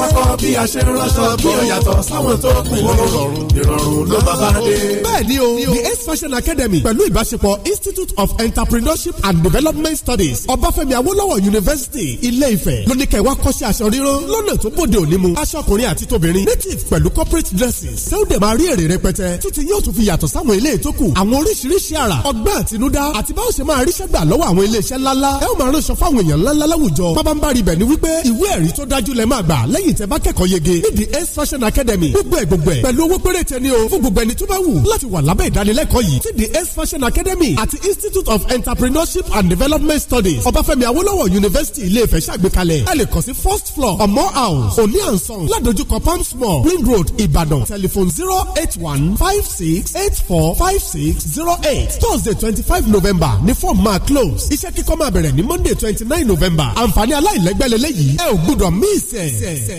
wákọ́ bí a ṣe ń rọ́ṣọ bí ó yàtọ̀ sáwọn tó pin lọ́rùn ìrọ̀rùn ló bá bá dé. bẹ́ẹ̀ ni o the ace fashion academy pẹ̀lú ìbáṣepọ̀ institute of entrepreneurship and development studies ọbáfẹ́mi awólọ́wọ̀ university ilé-ifẹ̀ lóníkẹ́ wa kọ́ṣẹ́ aṣọ ríran lọ́nà tó bòde òní mu aṣọ ọkùnrin àti tóbìnrin native pẹ̀lú corporate dresses sẹ́wọ́dẹ̀ máa rí èrè rẹpẹtẹ títí yóò tún fi yàtọ̀ sáwọn ilé ìtókù àwọn oríṣiríṣi àrà ọgbẹ́ àtinúdá àti báwo ṣe máa ríṣẹ́ gbà lọ́wọ́ àwọn ilé iṣẹ́ ńláńlá ẹ ó máa ránṣọ fáwọn èèyàn ńláńl ńlá láwùjọ pábánbárì bẹ̀ ni wípé ìwé ẹ̀rí tó dájú lẹ́ máa gbà lẹ́yìn tẹ́ bá kẹ́kọ̀ọ́ yege nídìí ace fashion academy gbogbo ẹ̀ gbogbo ẹ̀ pẹ̀lú owó péréte ni o fún gbogbo ẹni tó bá wù láti wà lábẹ́ ìdánilẹ́kọ̀ọ́ yìí ti the ace fashion academy àti institute of entrepreneurship and development studies ọbáfẹ́mi Awolowo university ilé-ifẹ̀ ṣàgbékalẹ̀ ẹ lè kàn sí first floor ọmọ house òní ànsán ládojúkọ palms Small, green road Ibadan. telephone zero eight one five six eight four five six zero eight thursday twenty five november ní form máa close iṣẹ́ kíkọ́ máa bẹ̀rẹ̀ ní monday twenty nine november december àǹfààní aláìlẹ́gbẹ́lẹ́lẹ́ yìí ẹ ò gbúdọ̀ míì sẹ̀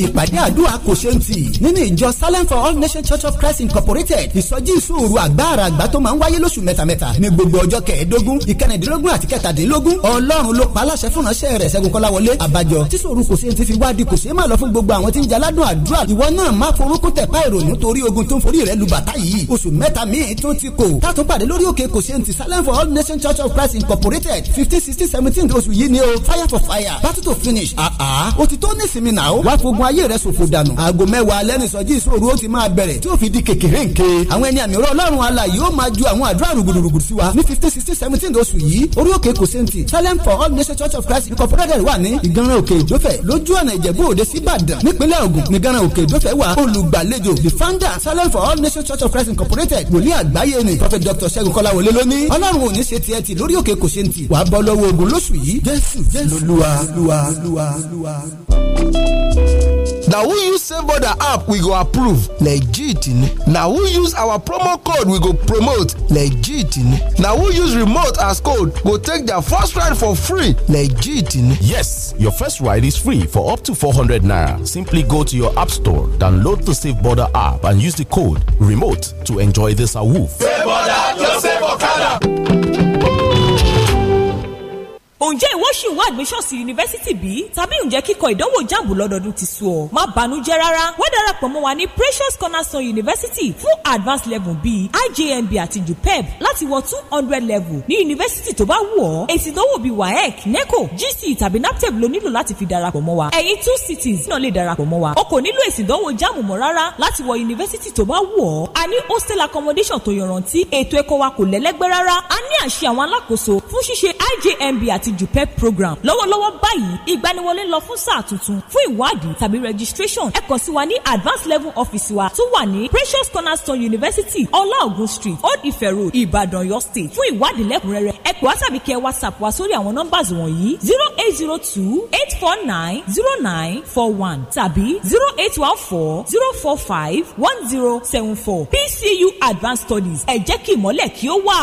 ìpàdé àdúrà kò ṣe ń tì nínú ìjọ salem for all nations church of christ incorporated ìsọjí ìṣòro àgbáàrà àgbà tó máa ń wáyé lóṣù mẹ́tamẹ́ta ní gbogbo ọjọ́ kẹẹ̀ẹ́dógún ìkẹrìndínlógún àti kẹtàdínlógún ọlọ́run ló pa aláṣẹ fún ránṣẹ́ rẹ̀ ṣẹ́gun kọ́láwọlé àbájọ tí ṣòro kò ṣe ń ti fi wádìí kò ṣe é má lọ fún gbogbo àwọn tí ń jaládùn àdúrà ìwọ náà má forúkú tẹ̀pá ìrònú torí ogun tó ń forí rẹ̀ lu bàtà yìí oṣù mẹ́ta míì tó ti kò tátún pàdé lórí òkè kò ṣe ń ti salem for all nations church of christ incorporated fifteen sixteen seventeen oṣù yìí ni o fire for fire battle to finish àà òtítọ́ nísìnyí náà wá fogun ayé rẹ̀ ṣòfò dànù aago mẹ́wàá alẹ́ ìṣòro ó ti máa bẹ̀rẹ̀ tí ó fi di kékeré nke àwọn ẹni àmì ọ̀rọ̀ ọlọ́run ala yóò máa ju àwọn àdúrà rùgùdùrùgù sí wa ní fifteen sixteen seventeen oṣù yìí orí òkè kò sẹ́ńtì salem for all nations church of christ incorporated wà ní ìganran òkè ìdófẹ̀ lójú ọ̀nà ìjẹ̀bú òde síbàdàn nípínlẹ̀ ògùn nìganran òkè ìdófẹ̀ wà olùgbàlejò the founder salem for all nations church of christ incorporated wòlíì àgbáyé ni prophet dr ṣẹ́gun kọ́láwọlé lónìí ọlọ́run ò ní ṣe tiẹ̀ ti lórí òkè kò sẹ́ńtì wàá bọ́ lọ́wọ́ ogun lóṣù yìí jésù jésù lolúwa lolúwa lolúwa na who use save border app we go approve legit na who use our promo code we go promote legit na who use remote as code go take their first ride for free legit yes your first ride is free for up to 400 naira simply go to your app store download the save border app and use the code remote to enjoy this awoof your save okada. ǹjẹ́ ìwọ ṣì ń wá admission sí yunifásítì bí? tàbí ǹjẹ́ kíkọ ìdánwò jáàbù lọ́dọọdún ti sú ọ? má banújẹ́ rárá wá darapọ̀ mọ́ wa ní Precious Cornerstone University fún advanced level bíi IJMB àti JUPEB láti wọ two hundred level ní yunifásítì tó bá wù ọ́ èsì ìdánwò bíi WAEC NECO GC e tàbí NAPTEP ló nílò láti fi darapọ̀ mọ́ wa ẹ̀yin two cities náà lè darapọ̀ mọ́ wa o kò nílò èsì ìdánwò jáàmù mọ́ rárá láti wọ yunifásítì tó bá wù ọ́ a ní hostel accommodation tó yọrantí ètò ẹ̀kọ́ wa kò lẹ́lẹ́gbẹ́ rárá a ní àṣẹ àwọn alákòóso fún ṣíṣe IJMB àti àti jupep program lọ́wọ́lọ́wọ́ báyìí ìgbaniwọlé lọ fún sáà tuntun fún ìwádìí tàbí registration ẹ kàn sí wa ní advanced level office wa tó wà ní precious cornerstone university ọláògùn street old ife road ìbàdàn Ọ̀yọ́ state fún ìwádìí lẹ́kùnrẹ́rẹ́ ẹ pè wá tàbí kẹ whatsapp wa sórí àwọn nọ́mbàs wọ̀nyí zero eight zero two eight four nine zero nine four one tàbí zero eight one four zero four five one zero seven four pcu advanced studies ẹ jẹ́ kí ìmọ́lẹ̀ kí ó wà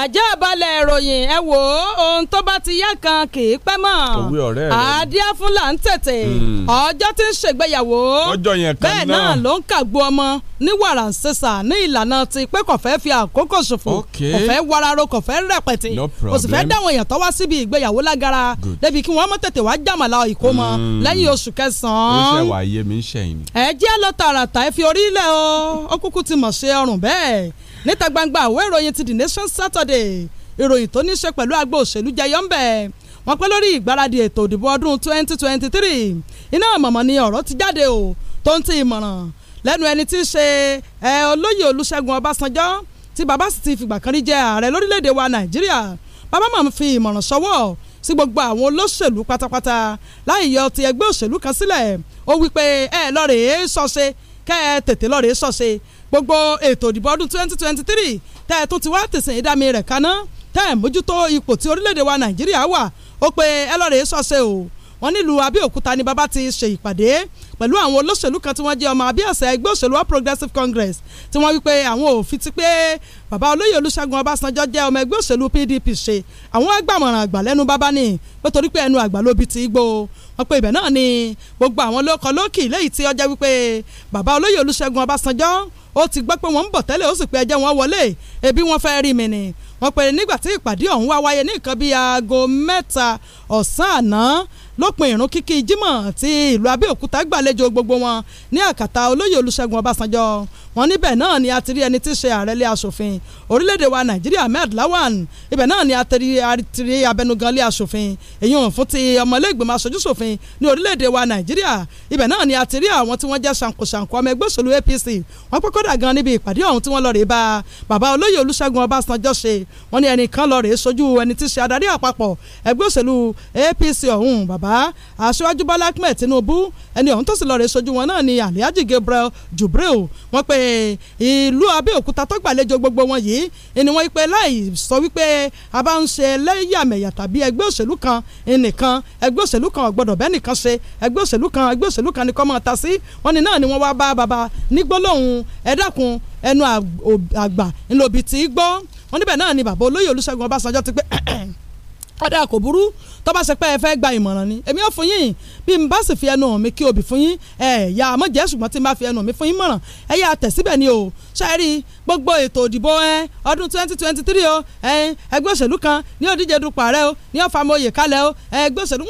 àjẹ́ àbálẹ̀ ìròyìn ẹ wò ó ohun tó bá ti yá kan kì í pẹ́ mọ́ òwe ọ̀rẹ́ rẹ àdíá fún là ń tètè hmm. ọjọ́ tí ń ṣègbéyàwó ọjọ́ yẹn kan náà bẹ́ẹ̀ náà ló ń kàgbó ọmọ ní wàrà ń sẹ́sà ní ìlànà ti pé kò fẹ́ fi àkókò ṣòfò kò fẹ́ wararo kò fẹ́ rẹpẹtẹ kò sì fẹ́ dáwọn èèyàn tó wá síbi ìgbéyàwó lágara débi kí wọ́n mọ̀ tètè wá jàmàlà ìkómọ hmm. lẹ́yìn oṣù kẹsàn-án ó ẹ jẹ́ lọ tààràtà ẹ fi orí lẹ̀ o ó kúkú ti mọ̀ ṣe ọrùn bẹ́ẹ̀ níta gbangba àwọn ìròyìn ti The Nation Saturday ìròyìn tó ní ṣe pẹ̀lú agbo òṣèlú jẹyọ ńbẹ wọ́n pẹ́ lórí ìgbáradì ètò òdìbò ọdún 2023 iná mọ̀mọ́ ni ọ̀rọ̀ ti jáde o tó ń ti ìmọ̀ràn lẹ́nu ẹni tí í ṣe ẹ olóyè Olúṣẹ́gun Ọbásanjọ́ tí bàbá sì ti fìgbà kan rí jẹ ààrẹ lórílẹ̀‐èdè wa Nàìjíríà bàbá máa ń fi ìmọ̀ràn ṣọwọ́ sí gbogbo àwọn olóṣèlú pátápátá láì yọ ti ẹgbẹ́ òṣèlú kan sílẹ̀ ó wí pé ẹ lọ́ọ̀rẹ́ sọ́ṣe kẹ́ ẹ tètè lọ́ọ̀rẹ́ sọ́ṣe gbogbo ètò ìdìbò ọdún twenty twenty three tẹ́ ẹ tún ti wá tẹ̀sán ìdámi rẹ̀ kaná tẹ́ ẹ mójútó ipò tí orílẹ̀-èdè wa nàìjíríà wà ó pe ẹlọ́rẹ̀ẹ́ sọ̀sẹ̀ o wọ́n nílùú abẹ́òkúta ni bàbá ti ṣe ìpàdé pẹ̀lú àwọn olóṣèlú kan tí wọ́n jẹ́ ọmọ abíàṣẹ ẹgbẹ́ òṣèlú All Progressives Congress tí wọ́n wípé àwọn ò fi ti pé bàbá olóyè Olúṣẹ́gun Ọbásanjọ́ jẹ́ ọmọ ẹgbẹ́ òṣèlú PDP ṣe àwọn agbàmọ̀ràn àgbà lẹ́nu bàbá ni pé torí pé ẹnu àgbà ló bi ti gbó wọ́n pe ibẹ̀ náà ni gbogbo àwọn lóko lókì lẹ́yìn tí ó wípé bàbá olóyè Olúṣẹ́gun Ọbásanjọ́ ó ti gbọ́ pé wọ́n ń bọ̀ tẹ́lẹ̀ ó sì pé ẹjẹ́ wọn wọlé ebi wọn fẹ́ rí mi ni wọ́n pè é nígbà tí ìpàdé ọ̀hún wá wáyé ní nǹkan bíi aago mẹ́ta ọ̀sán àná lópin ìrún kíkí jímọ̀ tí ìlú Abẹ́òkúta gbàlejò gbogbo wọn ní àkàtà olóyè Olúṣẹ́gun Ọbásanjọ́ wọn níbẹ̀ náà ni a ti rí ẹni tí í ṣe ààrẹ ilé asòfin orílẹ̀-èdè wa Nàìjíríà Ahmed Lawan ibẹ̀ náà ni a ti rí abẹnugan ilé asòfin èyí hàn fún ti ọmọlẹ́gbẹ̀mọ aṣojúṣòfin ní orílẹ̀-èdè wa Nàìjíríà ibẹ̀ náà ni a ti rí àwọn tí wọ́n jẹ́ ṣàǹkóṣàǹkó ọmọ ẹgbẹ́ òṣèlú APC wọ́n pẹ́ kọ́dà gan níbi ìpàdé ọ̀hún tí wọ́n lọ rèé bá bàbá olóyè Olúṣẹ́gun Ọbásanjọ́ ṣe wọ́n ní ẹnìkan lọ rèé sojú ẹni tí ṣe adarí àpapọ̀ ẹgbẹ́ òṣèlú APC ọ̀hún bàbá bàbá aṣíwájú bọ́lá ahmed tinubu ẹni ọ̀hún tó sì lọ rè sojú wọn náà ni alihaji gabriel jubril wọ́n pe ìlú abẹ́òkúta tó gbàlejò gbogbo wọn yìí ni wọ́n pe láì sọ wípé a bá ń ṣe lẹ́yàmẹ̀yà tàbí ẹgbẹ́ òṣèlú kan nìkan ẹgbẹ́ òṣèlú kan ọ̀gbọ́dọ̀ bẹ́ẹ̀ nìkan ṣe ẹgbẹ́ òṣèlú kan ẹgbẹ́ òṣèlú kan nìkan máa ta sí wọ́n ní náà ni wọ́n wá bá baba nígbólóhùn ẹ dákun ẹnu àgbà ńlọbi tí gbọ́ wọ́n níbẹ̀ náà ni bàbá olóyè olúṣẹ́gun ọbásanjọ́ ti pé ọ̀dà kò burú tó bá ṣe pé ẹ fẹ́ gba ìmọ̀ràn ni èmi ò fún yín bí n bá sì fi ẹnu mi kí obì fún yín ẹ ya àmọ́ jẹ́ ṣùgbọ́n tí n bá fi ẹnu mi fún yín mọ̀ràn ẹ yà tẹ̀ síbẹ̀ ni o ṣáàrí gbogbo ètò òdìbò ẹ ọdún twenty twenty three o ẹ ẹgbẹ́ òṣèlú kan ní òdíje dupò ààrẹ o ní ọ̀fà mọ̀ọ́yè kalẹ̀ o ẹgbẹ́ òṣèlú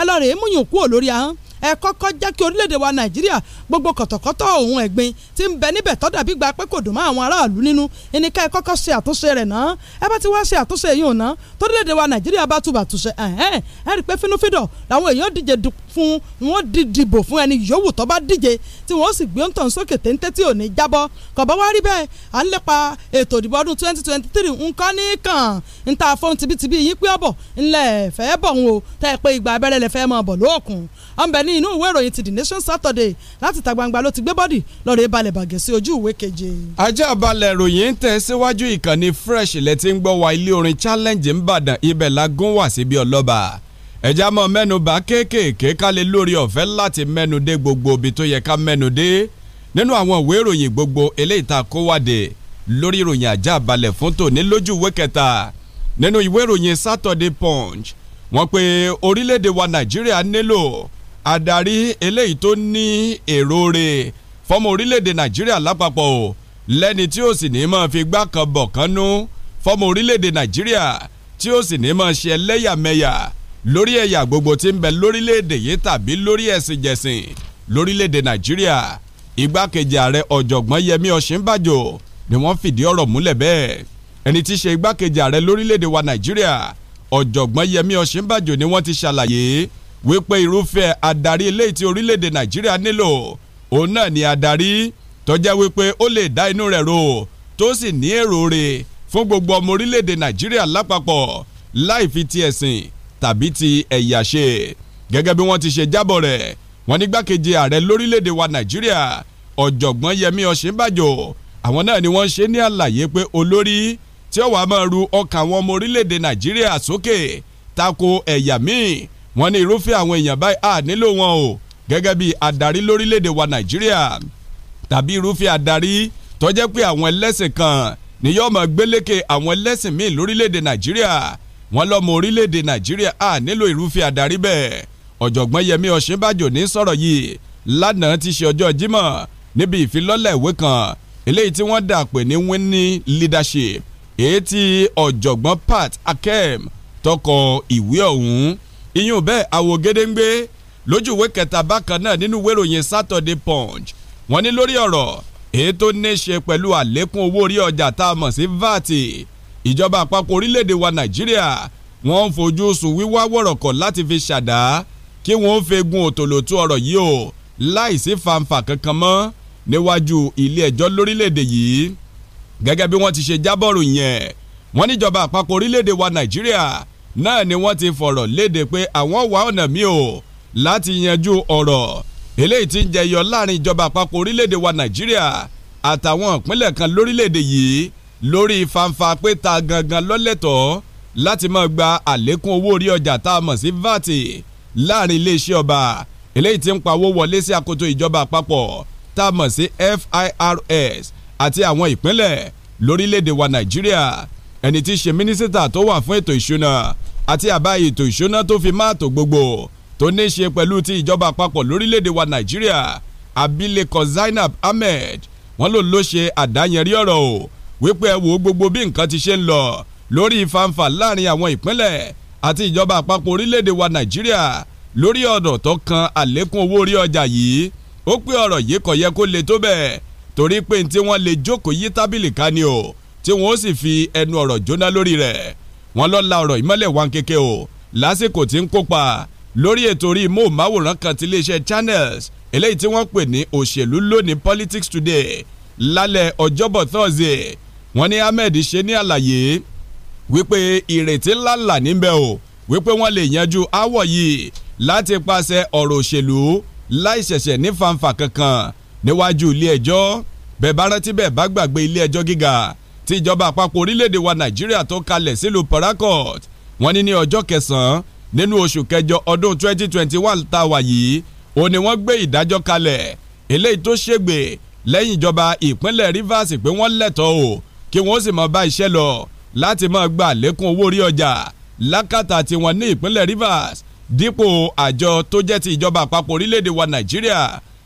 ẹ lọ rèé múyàn kúò lórí ahọ́n ẹ kọ́kọ́ jẹ́ kí orílẹ̀-èdè wa nàìjíríà gbogbo kọ̀tọ̀kọ́tọ̀ ohun ẹ̀gbin tí ń bẹ níbẹ̀ tọ́dà bí gba pé kò dùn mọ́ àwọn aráàlú nínú ẹni ká ẹ kọ́kọ́ ṣe àtúnṣe rẹ̀ náà ẹ bá ti wá ṣe àtúnṣe yìí ò ná torílẹ̀-èdè wa nàìjíríà bá túbà túnṣe ẹ̀hẹ́n ẹ rí i pé fínúfíndọ̀ làwọn èèyàn díje fún wọn dìdìbò fún ẹni yòówù tó bá díje tí wọn ó sì gbé òǹtàn sókè téńté tí ò ní jábọ́ kọ̀bọ́ wá rí bẹ́ẹ̀ à ń lépa ètò ìdìbò ọdún twenty twenty three nǹkan nìkan ń ta fún tibítibí yín pé ọ̀bọ̀ ńlẹ̀ fẹ́ bọ̀ ń o tẹ́ pé ìgbà abẹ́rẹ́ lẹ fẹ́ mọ̀ bọ̀ lóòkùn ọ̀nbẹ ní inú ìwé ìròyìn ti The Nation Saturday láti ta gbangba ló ti gbé bọ́dì lọ́ọ̀rẹ́ balẹ̀ bàgẹ́ sí ojú ìwé keje. ajá balẹ̀ ìròyìn tẹ̀ síwájú ìkànnì fresh lẹ́tí ń gbọ́ wa ilé orin challenge ń bàdàn ibẹ̀ la gún wá síbi ọlọ́ba ẹ̀já mọ́ mẹ́nu bá kéékèèké ká lè lórí ọ̀fẹ́ láti mẹ́nu dé gbogbo ibi tó yẹ ká mẹ́nu dé nínú àwọn ìwé ìròyìn gbogbo eléyìí tá a kó wáde lórí ìròyìn ajá balẹ̀ fún tòní lójú ìwé kẹta nínú ìwé ìròyìn Saturday Punch wọ́n pé orílẹ̀-èdè wa Nàìjíríà nílò adarí eléyìí tó ní èrò rẹ̀ fọmọ orílẹ̀-èdè Nàìjíríà lápapọ̀ o lẹ́ni tí ó sì ní máa fi gbá kan bọ̀ kan nú fọmọ orílẹ̀-èdè Nàìjíríà tí ó sì ní máa ṣe ẹlẹ́yàmẹ̀yà lórí ẹ̀yà gbogbo tí ń bẹ lórílẹ̀‐èdè yìí tàbí lórí ẹ̀sìn jẹ̀sìn lórílẹ̀‐èdè nàìjíríà igbákejì ààrẹ ọ̀jọ̀gbọ́n yẹmí ọ̀ṣínbàjò ni wọ́n fìdí ọ̀rọ̀ múlẹ̀ bẹ́ẹ̀ ẹni tí í ṣe igbákejì ààrẹ lórílẹ̀‐èdè wa nàìjíríà ọ̀jọ̀gbọ́n yẹmí ọ̀ṣínbàjò ni wọ́n ti ṣàlàyé wípé irúfẹ́ adarí eléyìí tí orílẹ̀‐èdè nàìjíríà nílò òun náà ni adarí tó jẹ́ wípé ó lè dá inú rẹ̀ ro tó sì ní èrò rẹ̀ fún gbogbo ọmọ orílẹ̀‐èdè nàìjíríà lápapọ̀ láì fi ti ẹ̀sìn tàbí ti ẹ̀yà ṣe gẹ́gẹ́ bí wọ́n ti ṣe jábọ̀ rẹ̀ wọ́n ní gbákejì ààrẹ lórílẹ̀‐èdè wa nàìjíríà ọ̀jọ̀gbọ́n yẹmí ọ̀ṣínbàjò àwọn náà ni wọ́n ṣe ní àlàyé pé olórí tí ó wàá máa ru ọkàn àwọn ọmọ orílẹ̀‐èdè nàìjíríà sókè tako ẹ̀yà míì wọ́n ní irúfẹ́ àwọn èèyàn báyìí à nílò wọn o gẹ́gẹ́ bí adarí lórílẹ̀‐èdè wa nàìjíríà tàbí irúfẹ́ adarí tó jẹ́ pé àwọn ẹlẹ́sìn kan ni yóò máa gbélékè àwọn ẹlẹ́sìn míì lórílẹ̀‐èdè nàìjíríà wọ́n lọ́mọ orílẹ̀-èdè nàìjíríà á nílò irúfẹ́ àdarí bẹ́ẹ̀ ọ̀jọ̀gbọ́n yẹmí ọ̀ṣínbàjò ní sọ̀rọ̀ yìí lánàá ti ṣe ọjọ́ jímọ̀ níbi ìfilọ́lẹ̀ ìwé kan eléyìí tí wọ́n dà pé ní winning leadership èyí tí ọ̀jọ̀gbọ́n Pat Akem tọkọ ìwé ọ̀hún iyún bẹ́ẹ̀ àwò gédéńgbé lójú ìwé kẹta bákan náà nínú ìwé ìròyìn Saturday Punch wọ́n ní lórí ọ̀rọ̀ èyí tó ní ṣe pẹ̀lú àlékún owó orí ọjà tá a mọ̀ sí VAT ìjọba àpapọ̀ orílẹ̀-èdè wa nàìjíríà wọ́n ń fojú sùn wíwá wọ̀rọ̀kọ̀ láti fi ṣàdá kí wọ́n fegun òtòlótó ọ̀rọ̀ yìí o láìsí fanfa kankan mọ́ níwájú ilé ẹjọ́ lórílẹ̀-èdè yìí gẹ́gẹ́ bí wọ́n ti ṣe jábọ̀rò yẹn wọ́n níjọba àpapọ̀ orílẹ̀-èdè wa nàìjíríà náà ni wọ́n ti fọ̀rọ̀ léde pé àwọn wà ọ̀nà mi o láti yanjú ọ̀rọ̀ eléyìí ti ń jẹyọ láàrin ìjọba àpapọ̀ orílẹ̀-èdè wa nàìjíríà àtàwọn ìpínlẹ̀ kan lórílẹ̀-èdè yìí lórí fanfa pé ta gangan lọ́lẹ́tọ̀ọ́ láti máa gba àlékún owó orí ọjà tá a mọ̀ sí VAT láàrin iléeṣẹ́ ọba eléyìí tí ń pawó wọlé sí akoto ìjọba àpapọ̀ tá a mọ̀ sí FIRS àti àwọn ìpínlẹ̀ lórílẹ̀‐èdè wa Nàìjíríà ẹni tí í ṣe mínísítà tó wà fún ètò ìṣúná àti àbá ètò ìṣúná tó fi máàtò gbogbo tó ní í ṣe pẹ̀lú ti ìjọba àpapọ̀ lórílẹ̀‐èdè wa Nàìjíríà abilékọ Zainab Ahmed wọ́n ló ló ṣe àdáyẹnrí ọ̀rọ̀ o wípé ẹ wo gbogbo bí nǹkan ti ṣe ń lọ lórí fanfa láàrin àwọn ìpínlẹ̀ àti ìjọba àpapọ̀ orílẹ̀-èdè wa nàìjíríà lórí ọ̀rọ̀ tó kan àlékún owó orí ọjà yìí ó pé ọ̀rọ̀ yìí kò yẹ kó le tó bẹ́ẹ̀ torí pé tí wọ́n lè jókòó yí tábìlì ká ni o tí wọ́n ó sì fi ẹnu ọ̀rọ̀ jóná lórí rẹ̀ wọ́n lọ la ọ̀rọ̀ ìmọ́lẹ̀ wọn kéke o lásìkò tí ń kópa lórí ètò orí móhùnmáwòrán kan ti iléeṣẹ́ channels eléyìí tí wọ́n pè ní òṣèlú lónìí politics today lálẹ́ ọjọ́bọ̀ thursday wọ́n ní Ahmed ṣe ní àlàyé wípé ìrètí ńláńlá níbẹ̀ o wípé wọ́n lè yanjú aáwọ̀ yìí láti pàṣẹ ọ̀rọ̀ òṣèlú láìṣẹ̀ṣẹ̀ ní fanfa kankan níwájú ilé ẹjọ́ bẹ́ẹ̀ bá rántí bẹ́ẹ̀ bá gbàgbé ilé ẹjọ́ gíga tí ìjọba àpapọ̀ orílẹ̀-èdè wa Nàìjíríà tó kalẹ̀ sílùú Parakot wọ́n ní ní ọjọ́ kẹsàn-án nínú oṣù kẹjọ ọdún 2021 tá a wà yìí ó ní wọ́n gbé ìdájọ́ kalẹ̀ eléyìí tó ṣègbè lẹ́yìn ìjọba ìpínlẹ̀ Rivers pé wọ́n lẹ́tọ̀ọ́ kí wọ́n sì máa bá iṣẹ́ lọ láti máa gba àlékún owó orí ọjà lákàtà tiwọn ní ìpínlẹ̀ Rivers dípò àjọ tó jẹ́ ti ìjọba àpapọ̀ orílẹ̀-èdè wa Nàìjíríà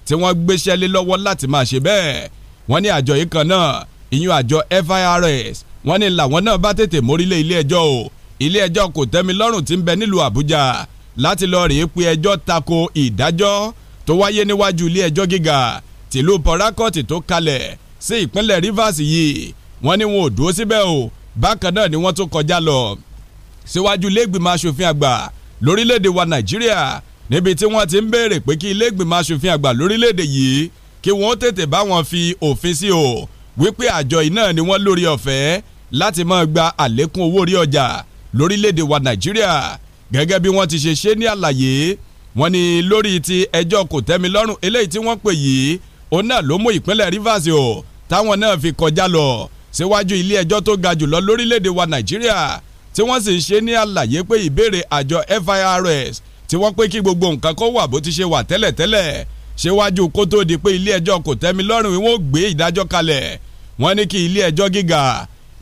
tí wọ́n gbéṣẹ́ lé lọ́wọ́ láti máa ṣe bẹ́ẹ̀ wọ́n ní àjọ yìí kan náà ìyún àjọ FIRS wọ́n ní làwọn náà bá tètè mórílẹ̀ ilé ẹjọ́ o ilé ẹjọ́ kò tẹ́mi lọ́rùn tí ń bẹ nílùú Àbújá láti lọ rèé pe ẹjọ́ tako ìdájọ́ tó wáyé níwájú ilé ẹjọ́ gíga tìlú Port tó kalẹ̀ sí ìpínlẹ̀ Rivers yìí wọ́n ní wọn ò dúró síbẹ̀ o bákan náà ni wọ́n tún kọjá lọ síwájú iléègbìmọ̀ asòfin àgbà lórílẹ̀‐èdè wa nàìjíríà níbi tí wọ́n ti ń béèrè pé kí iléègbìmọ̀ asòfin àgbà lórílẹ̀‐èdè yìí kí wọ́n tètè bá wọn fi òfin sí o wípé àjọ yìí náà ni wọ́n lórí ọ̀fẹ́ láti máa gba àlékún owó orí ọjà lórílẹ̀‐èdè wa nàìjíríà gẹ́gẹ́ bí wọ́n ti ṣe ṣe ní àlàyé wọ́n ní lórí ti ẹjọ́ kòtẹ́milọ́rùn eléyìí tí wọ́n pè yìí òun náà ló mú ìpínlẹ̀ Rivers o táwọn náà fi kọjá lọ síwájú ilé ẹjọ́ tó ga jùlọ lórílẹ̀‐èdè wa nàìjíríà tí wọ́n sì ń ṣe ní àlàyé pé ìbéèrè àjọ FIRS tí wọ́n pé kí gbogbo nǹkan kó wà bó ti ṣe wà tẹ́lẹ̀tẹ́lẹ̀ síwájú kó tó di pé ilé ẹjọ́ kò tẹ́mi lọ́rùn wọn ò gbé ìdájọ́ kalẹ̀ wọ́n ní kí ilé ẹjọ́ gíga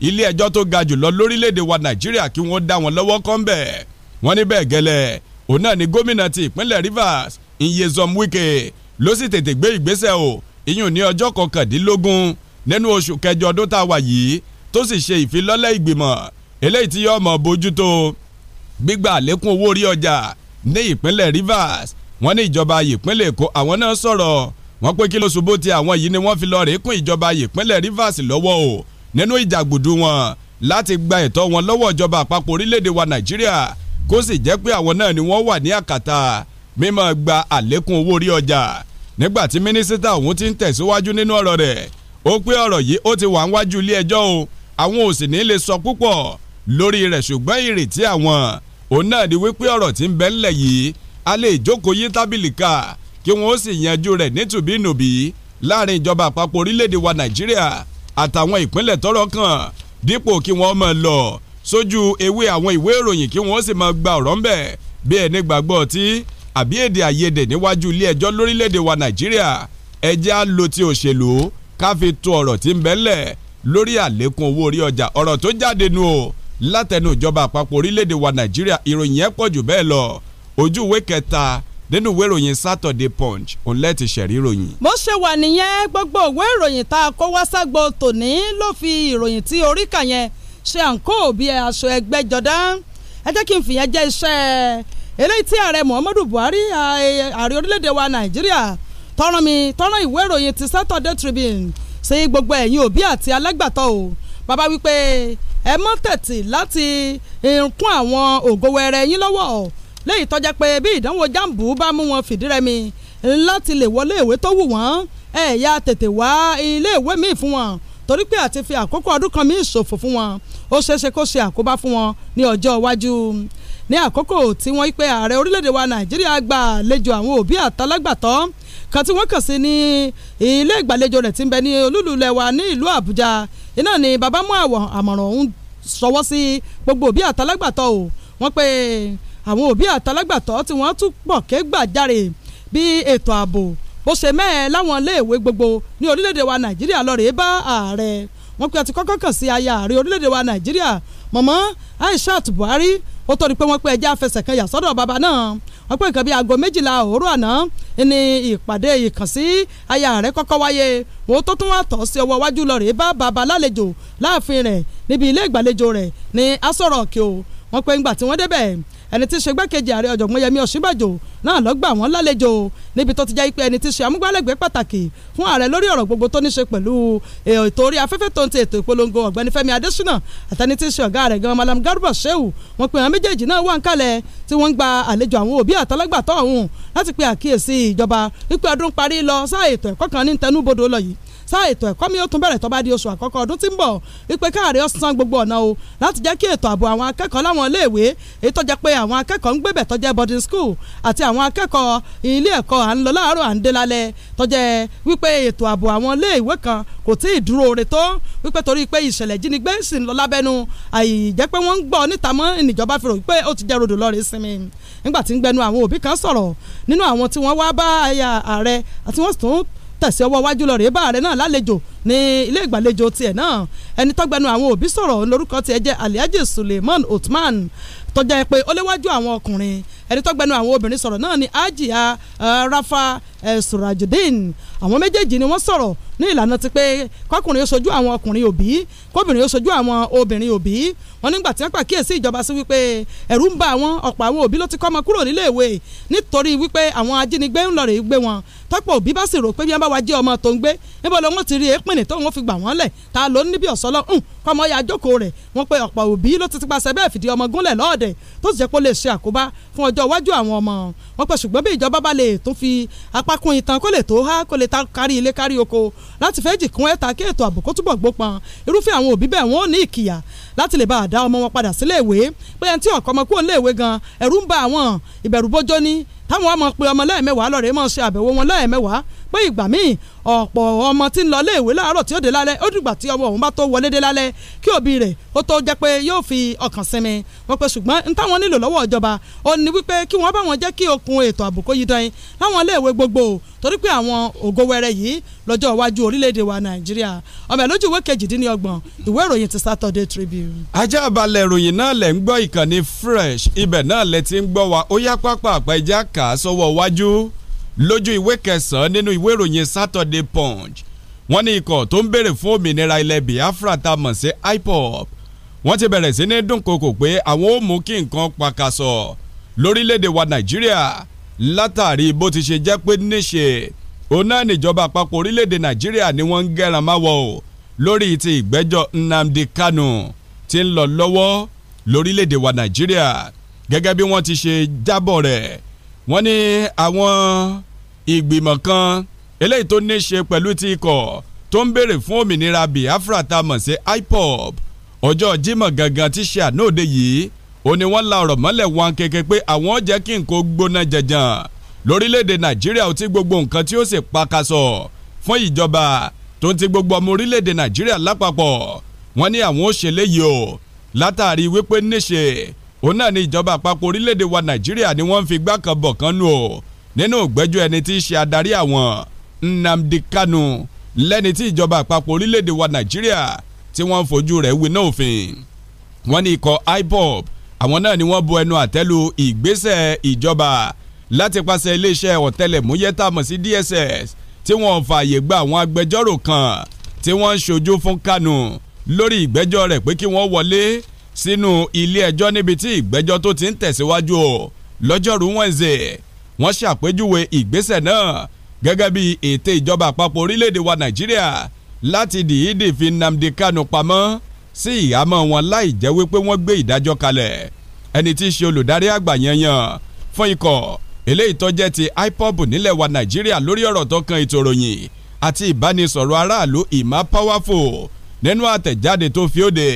ilé ẹjọ́ tó ga jùlọ lórílẹ̀‐èdè wa nàìjíríà kí wọ́n dá wọn lọ́wọ́ kọ́ńbẹ̀ wọ́n ní bẹ́ẹ̀ gẹ́lẹ́ òun náà ni gómìnà ti ìpínlẹ̀ Rivers Nyesom Wike ló sì tètè gbé ìgbésẹ̀ o ìyún ní ọjọ́ kọkàndínlógún nínú oṣù kẹjọ ọdún tá a wà yìí tó sì ṣe ìfilọ́lẹ̀ ìgbìmọ̀ eléyìí tí yóò mọ̀ bójútó gbígba àlékún owó orí ọjà ní ìpínlẹ̀ Rivers wọ́n ní ìjọba ìpínlẹ̀ Èkó àwọn náà sọ̀rọ̀ wọ́n pé kí ló ṣubú ti àwọn yìí ni wọ́n fi lọ́ọ́ rè kún ìjọba ìpínlẹ̀ Rivers lọ́wọ́ o nínú ìjàgùdù wọn láti gba ẹ̀tọ́ wọn lọ́wọ́ ìjọba àpapọ̀ orílẹ̀-èdè wa Nàìjíríà kó sì jẹ́ pé àwọn náà ni wọ́n wà ní àkàtà mímọ́ gba àlékún owó orí ọjà nígbà tí mínísítà ọ̀hún ti ń tẹ̀síwájú nínú ọ̀rọ̀ rẹ̀ ó pé ọ̀rọ̀ yìí ó ti wà níwájú ilé ẹjọ́ o àwọn ò sì ní lè sọ púpọ̀ lórí rẹ̀ ṣùgbọ́n ìrètí àwọn òun náà ni wípé ọ̀rọ̀ tí ń bẹ ńlẹ̀ yìí a lè jókòó yí tábìlì ká kí wọ́n ó sì yanjú rẹ̀ nítùbínùbí láàrin ìjọba àpapọ̀ orílẹ̀-èdè wa Nàìjíríà àtàwọn ìpínlẹ̀ tọ́rọ̀ kàn dípò kí wọ́n máa lọ sójú ewé àwọn ìwé ìròyìn kí wọ́n sì máa gba ọ̀rọ̀ ńbẹ̀ bí ẹni gbàgbọ́ tí àbí èdè àìyedè níwájú ilé ẹjọ́ lórílẹ̀-èdè wa Nàìjíríà ẹjẹ́ á lo ti òṣèlú ká fi tún ọ̀rọ̀ tí ń bẹ́lẹ̀ lórí àlékún owó orí ọjà ọ̀rọ̀ tó jáde nu o látẹnu ìjọba àpapọ̀ orílẹ̀-èdè wa nàìjíríà ìròyìn ẹ̀ pọ̀ jù bẹ́ẹ̀ lọ ojú ìwé kẹta nínú ìwé ìròyìn Saturday Punch òun lẹ́ẹ̀tì sẹ̀rí ìròyìn. bó ṣe wà nìyẹn gbogbo ìwé ìròyìn tá a kó wá ságbo tòní ló fi ìròyìn tí orí kà yẹn ṣe à ń kó òbí aṣọ ẹgbẹ́ jọdá ẹ jẹ́ kí n fìyẹn jẹ́ iṣẹ́ eléyìí tí ààrẹ Muhammadu Buhari ààrẹ orílẹ̀-èdè wa Nàìjíríà tọ́rán mi tọ́rán ìwé ìròyìn ti Saturday Tribune sí gbogbo ẹ̀yin òbí àti alágbàtọ́ o bàbá wípé ẹ mọ́ tẹ̀tì láti kún àwọn ògo wẹrẹ yín lọ́wọ́ léyìí tọ́já pé bí ìdánwò jambu bá mú wọn fìdírẹmi láti lè wọlé ìwé tó wù wọ́n ẹ yá tètè wá ilé ìwé míì fún wọn torí pé àti fi àkókò ọdún kan míì ṣòfò fún wọn ó ṣeéṣe kó ṣe àkóbá fún wọn ní ọjọ́ iwájú ní àkókò tí wọ́n pé ààrẹ orílẹ̀-èdè wa Nàìjíríà gbà àlejò àwọn òbí àtàlágbàtọ́ kan tí wọ́n kàn sí ní ilé ìgbàlejò rẹ̀ tí ń bẹ ní olúlulẹ̀ ní ìlú Àbújá iná ni bàbá mú àwọn àmọ̀ràn ọ̀hún sọwọ́ sí gbogbo òbí àtàlágbàtọ́ o wọ́n pé àwọn òbí àtàlágbàtọ́ tí wọ́n tún pọ̀ ké gbàjáre bí ètò ààbò bó ṣe mẹ́ẹ̀ láwọn iléèwé gbogbo ní orílẹ̀-èdè wa Nàìjíríà lọ́ọ́ rèé bá ààrẹ wọ́n pé ọtí kọ́kọ́ kàn sí aya ààrẹ orílẹ̀-èdè wa Nàìjíríà mọ̀mọ́ Aishat Buhari ó tó di pé wọ́n pé ẹja fẹsẹ̀ kan yà sọ́dọ̀ bàbá náà wọ́n pé nǹkan bíi aago méjìlá òwúrọ̀ àná ni ìpàdé ìkànsí aya rẹ̀ kọ́kọ́ wáyé wọ́n tó tún wá tọ̀ sí ọwọ́ iwájú lọ rèé bá bàbá lálejò láàfin rẹ̀ níbi ilé ìgbàlejò rẹ̀ ní asọ̀rọ̀ òkè o wọ́n pé ńgbà tí wọ́n débẹ̀ ẹni tí í ṣe gbákejì ààrẹ ọ̀jọ̀gbọ́n yẹmí ọ̀ṣínbàjò náà ló gbà wọ́n lálejò níbi tó ti jẹ́ pé ẹni tí í ṣe amúgbálẹ́gbẹ̀ẹ́ pàtàkì fún ààrẹ lórí ọ̀rọ̀ gbogbo tó ní ṣe pẹ̀lú e, ètò orí afẹ́fẹ́ tó ń ti ètò ìpolongo ọ̀gbẹ́ni fẹ́mi adésínà àtẹni tí í ṣe ọ̀gá rẹ̀ gan malam garba shehu wọn pe àwọn méjèèjì náà wà ń kalẹ̀ tí wọ́n ń gba àlejò àwọn òbí àtàlágbàtọ́ ọ̀hún láti pe àkíyèsí ìjọba wípé ọdún parí lọ sáà ètò ẹ̀kọ́ kan ní tẹnubodò lọ yìí sáà ètò ẹ̀kọ́ mi ó tún bẹ̀rẹ̀ tó di oṣù àkọ́kọ́ ọdún tí ń bọ̀ wípé káàárẹ̀ ọ̀sán gbogbo ọ̀nà o láti jẹ́ kí ètò ààbò àwọn akẹ́kọ̀ọ́ láwọn iléèwé èyí tó pé àwọn akẹ́kọ̀ọ́ ń gbébẹ̀ tó boarding school àti àwọn akẹ́kọ̀ọ́ ilé ẹ̀kọ́ à ń lọ láàárọ̀ à ń dé lálẹ́ tó wípé ètò ààbò àwọn iléèwé kan kò tí ì dúró re tó wípé torí pé ìṣẹ̀lẹ̀ ìjínigbé sì ń lọ lábẹ́nu àìjẹ́ pé wọ́n ń gbọ́ níta mọ́ ìníjọba fi wípé ó ti jẹ́ rodò lọ́ọ̀rẹ́ sinmi nígbà tí ń gbẹnu àwọn òbí kan sọ̀rọ̀ nínú àwọn tí wọ́n wá bá ààrẹ àti wọ́n sì tún tẹ̀sí ọwọ́ wájú lọ rèé bá ààrẹ náà lálejò ní ilé ìgbàlejò tiẹ̀ náà ẹni tọ́gbẹ́nu àwọn òbí sọ̀rọ̀ lórúkọ tiẹ̀ jẹ́ Alhaji Suleiman Othman tọ́jà ẹ pé ó léwájú àwọn ọkùnrin ẹni tọ́gbẹ́nu àwọn obìnrin sọ̀rọ̀ náà ni Ajia eh, Rafa eh, Surajudeen àwọn méjèèjì ni wọ́n sọ̀rọ̀ ní ìlànà ti pé kọkùnrin ó sojú àwọn ọkùnrin òbí kóbìnrin ó sojú àwọn obìnrin òbí wọn nígbà tí wọn pàkíyèsí ìjọba sí wípé ẹ̀rù ń ba àwọn ọ̀pọ̀ àwọn òbí ló ti kọ́ ọmọ kúrò níléèwé nítorí wípé àwọn ajínigbé ń lọ rè gbé wọn tọ́pọ̀ òbí bá sì rò pé bí wọ́n bá wá jẹ́ ọmọ tó ń gbé níbo lọ́wọ́ ti rí èépìnì tó ń fi gbà wọ́n lẹ̀ ta ló ń níbi ọ̀sọ́ lọ́hùn kọ́mọ ya jókòó rẹ̀ wọ́n pe ọ̀pọ̀ òbí ló ti ti paṣẹ bẹ́ẹ̀ fìdí ọmọ gúnlẹ̀ lọ́ọ̀dẹ̀ tó sì jẹ́ pé lè ṣe àkóbá fún ọjọ́ iwájú àwọn ọmọ wọ́n pe ṣùgbọ́n bí ìjọba bá lè tún fi apá itan kó lè tó há kó lè ta kárí ilé kárí oko láti fẹ́ jì kún ẹ̀ta kí ètò ààbò kó túbọ̀ gbópọn irúfẹ́ àwọn òbí bẹ́ẹ̀ wọ́n ní ìkìyà láti lè bá àdá ọmọ wọn padà sílé ìwé pé ẹni tí ọ̀kọ́ ọmọ kúrò nílé ìwé gan ẹ̀rù ń ba àwọn ìbẹ̀rù bójó ní táwọn ọmọ pe ọmọ lẹ́ẹ̀mẹ́wàá lọ́rẹ̀ẹ́ mọ̀ ṣe àbẹ̀wò wọn lẹ́ẹ̀mẹ́wàá pé ìgbà míì ọ̀pọ̀ ọmọ tí ń lọ ilé ìwé láàárọ̀ tí ó dé lálẹ́ ó dùgbà tí ọmọ òun bá tó wọlé dé lálẹ́ kí òbí rẹ̀ ó tó jẹ́ pé yóò fi ọkàn sinmi wọ́n pe ṣùgbọ́n n táwọn nílò lọ́wọ́ ìjọba ó ní wípé kí wọ́n bá wọn jẹ́ kí okun ètò ààbò kó yí dán in láwọn ilé ìwé gbogbo torí pé àwọn ògo wẹrẹ yìí lọ́jọ́ iwájú orílẹ̀-èdè wa nàìjíríà ọbẹ̀ lójú ìwé kejìdínlọ́gbọ̀n ìwé ìròyìn ti Saturday Tribune. ajá balẹ̀ ìròyìn náà lẹ̀ ń gbọ́ ìkànnì fresh ibẹ̀ náà lẹ ti ń gbọ́ wa ó yá pápá àpá kà á sọ́wọ́ iwájú lójú ìwé kẹsàn-án nínú ìwé ìròyìn Saturday Punch wọ́n ní ikọ̀ tó ń béèrè fún òmìnira ilẹ̀ Biafra ta mọ̀ sí IPOB wọ́n ti bẹ̀rẹ̀ sí ní dúnkokò pé àwọn ò mú kí nǹkan pakasọ̀ lórílẹ̀‐èdè wa Nàìjíríà látàrí bó ti ṣe jẹ́ pé níṣe òun náà níjọba àpapọ̀ orílẹ̀‐èdè Nàìjíríà ni wọ́n ń gẹ́ran máwọ̀ o lórí ti ìgbẹ́jọ́ Nnamdi Kanu ti ń lọ lọ́wọ́ lórílẹ̀‐èdè wa Nàìjíríà gẹ́gẹ́ bí wọ́n ti ṣe jábọ̀ rẹ̀ wọ́n ní àwọn ìgbìmọ̀ kan eléyìí tó ní í ṣe pẹ̀lú ti ikọ̀ tó ń béèrè fún òmìnira Biafra tá a mọ̀ sí IPOB ọjọ́ Jímọ̀ gangan tí ṣe ànóòde yìí ó ní wọ́n la ọ̀rọ̀ mọ́lẹ̀ wọn kékeré pé àwọn jẹ́ kí nǹkan gbóná jẹjàn lórílẹ̀‐èdè Nàìjíríà ó ti gbogbo nǹkan tí ó sì pakasọ̀ fún ìjọba tó ń ti gbogbo ọmọ orílẹ̀‐èdè Nàìjíríà lápapọ̀ wọ́n ní àwọn ó ṣe léyìí o látàrí wípé níṣe òun náà ni ìjọba àpapọ̀ orílẹ̀‐èdè wa Nàìjíríà ni wọ́n ń fi gbá kan nù o nínú ìgbẹ́jọ́ ẹni tí í ṣe adarí àwọn Nnamdi Kanu lẹ́ni tí ìjọba àpapọ̀ orílẹ̀-èdè wa Nàìjíríà tí wọ́n ń fojú rẹ̀ winá òfin wọ́n ní ikọ̀ IPOB àwọn náà ni wọ́n bu ẹnu àtẹ́lu ìgbésẹ̀ ìjọba láti pàṣẹ iléeṣẹ́ ọ̀tẹlẹ̀múyẹ́ tá mọ̀ sí DSS tí wọ́n fààyè gba àwọn agbẹjọ́rò kan tí wọ́n ń ṣojú fún Kanu lórí ìgbẹ́jọ́ rẹ̀ pé kí wọ́n wọlé sínú ilé ẹjọ́ níbi tí ìgbẹ́jọ́ tó ti ń tẹ̀síwájú lọ́jọ́rú Wednesday wọ́n ṣàpèjúwe ìgbésẹ̀ náà gẹ́gẹ́ bí ète ìjọba àpapọ̀ orílẹ̀-èdè wa nàìjíríà láti dìídì fi Nnamdi Kanu pamọ́ sí ìhámọ́ wọn láì jẹ́ wípé wọ́n gbé ìdájọ́ kalẹ̀ ẹni tí í ṣe olùdarí àgbà yanyan fún ikọ̀ eléyìí tó ti IPOB nílẹ̀ wa nàìjíríà lórí ọ̀rọ̀ tó kan ètò ìròyìn àti ìbánisọ̀rọ̀ aráàlú ìmá powerful nínú àtẹ̀jáde tó fi òde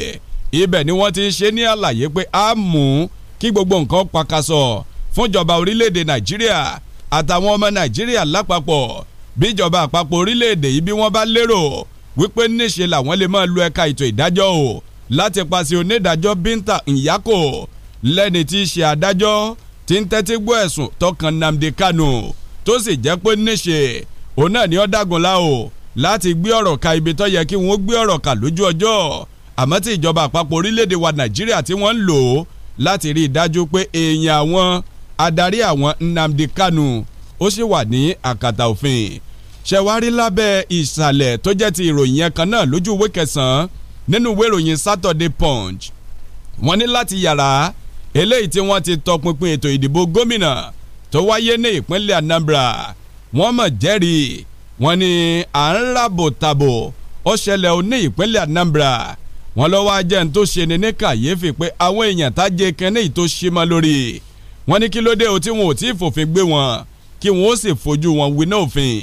ibẹ̀ ni wọ́n ti ń ṣe ní àlàyé pé a mú kí gbogbo nǹkan pakasọ̀ fúnjọba orílẹ̀-èdè nàìjíríà àtàwọn ọmọ nàìjíríà lápapọ̀ bíjọba àpapọ̀ orílẹ̀-èdè yìí bí wọ́n bá lérò wípé níṣe làwọn lè máa lu ẹ̀ka ètò ìdájọ́ o láti paṣẹ onídàájọ́ Binta Nyako lẹ́ni tí í ṣe adájọ́ tí ń tẹ́tí gbọ́ ẹ̀sùn tọkàn Nnamdi Kanu tó sì jẹ́ pé níṣe òun náà ni ó dágunlá o láti gbé ọ̀rọ̀ ka ibi tó yẹ kí wọ́n gbé ọ̀rọ̀ ka lójú ọjọ́ àmọ́ tí ìjọba àpapọ̀ orílẹ̀-èdè wa Nàìjíríà tí wọ́n ń lò láti rí i pé èèyàn àwọn adarí àwọn Nnamdi Kanu ó sì wà ní àkàtà òfin ṣẹwárí lábẹ́ ìsàlẹ̀ tó jẹ́ ti ìròyìn yẹn kan náà lójú ìwé kẹsàn-án nínú ìwé ìròyìn Saturday Punch wọ́n ní láti yàrá eléyìí tí wọ́n ti tọpinpin ètò ìdìbò gómìnà tó wáyé ní ìpínlẹ̀ Anambra wọ́n mọ̀ jẹ́rìí wọ́n ní à ń ràbò tàbò ó ṣẹlẹ̀ ó ní ìpínlẹ̀ Anambra wọ́n lọ́wọ́ ajẹ́ ń tó ṣe ni ní kàyéfì pé àwọn èèyàn tá jẹ́ kẹ́ni tó lórí wọ́n ní kí ló dé o tí wọn ò tí ì fòfin gbé wọn kí wọn ó sì fojú wọn winá òfin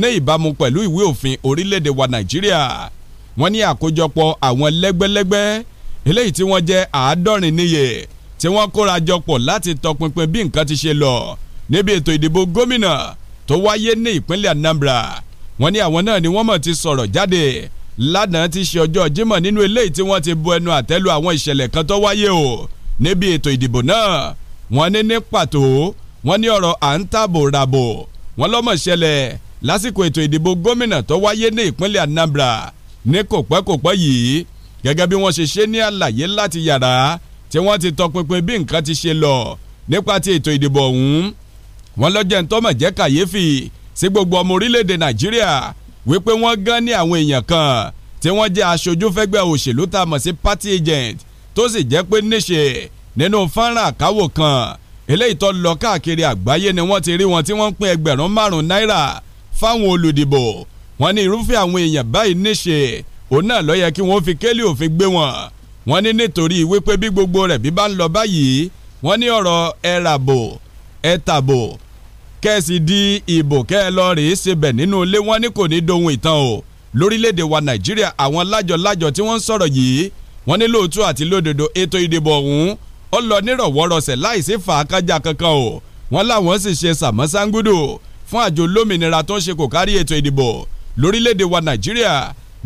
ní ìbámu pẹ̀lú ìwé òfin orílẹ̀-èdè wa nàìjíríà wọ́n ní àkójọpọ̀ àwọn lẹ́gbẹ́lẹ́gbẹ́ eléyìí tí wọ́n jẹ́ àádọ́rin níye tí wọ́n kóra jọpọ̀ láti tọpinpin bí nǹkan ti ṣe lọ níbi ètò ìdìbò gómìnà tó wáyé ní ìpínlẹ̀ Anambra wọ́n ní àwọn náà ni wọ́n mọ̀ ti sọ̀rọ̀ jáde lánàá ti ṣe ọjọ́ Jímọ̀ nínú eléyìí tí wọ́n ti bu ẹnu àtẹ́lu àwọn ìṣẹ̀lẹ̀ kan tó wáyé o níbi ètò ìdìbò náà wọ́n ní ní pàtó wọ́n ní ọ̀rọ̀ à ń tààbò ràbò wọ́n lọ́mọ̀ ṣẹlẹ̀ lásìkò ètò ìdìbò gómìnà tó wáyé ní ìpínlẹ̀ Anambra ní kòpẹ́kòpẹ́ yìí gẹ́gẹ́ bí wọ́n ṣe ṣe ní àlàyé láti yàrá tí wọ́n ti tọpinpin bí nǹkan ti ṣe lọ nípa ti ètò ìdìbò ọ̀hún wọ́n lọ́jẹ̀ ń jẹ́ kàyéfì sí gbogbo ọmọ orílẹ̀-èdè Nàìjíríà wípé wọ́n gán ní àwọn èèyàn kan tí wọ́n jẹ́ aṣojú fẹ́gbẹ́ òṣèlú tá a mọ̀ sí party agent tó sì jẹ́ pé níṣe nínú fọ́nrán àkáwò kan eléyìí tó lọ káàkiri àgbáyé ni wọ́n ti rí wọn tí wọ́n ń pín ẹgbẹ̀rún márùn-ún náírà fáwọn olùdìbò wọ́n ní irúfẹ́ àwọn èèyàn báyìí níṣe òun náà ló yẹ kí wọ́n fi kélé òfin gbé wọn wọ́n ní nítorí wípé bí gbogbo rẹ̀ bí bá ń lọ báyìí wọ́n ní ọ̀rọ̀ ẹ̀ràbò ẹ̀tàbò kẹ́ẹ̀sì di ìbò kẹ́ẹ̀ lọ rèé ṣebẹ̀ nínú ilé wọn ní kò ní dohun ìtàn o lórílẹ̀‐èdè wa nàìjíríà àwọn lájọ lájọ tí wọ́n ń sọ̀rọ̀ yìí wọ́n ní lóòótọ́ àti lódodo ètò ìdìbò ọ̀hún ó lọ nírọ̀wọ́rọsẹ̀ láìsí fàákájà kankan o wọ́n láwọn sì ṣe sàmọ́sángúdù fún àjọ lómìnira tó ń ṣe kò kárí ètò ìdìbò lórílẹ̀‐èdè wa nàìjíríà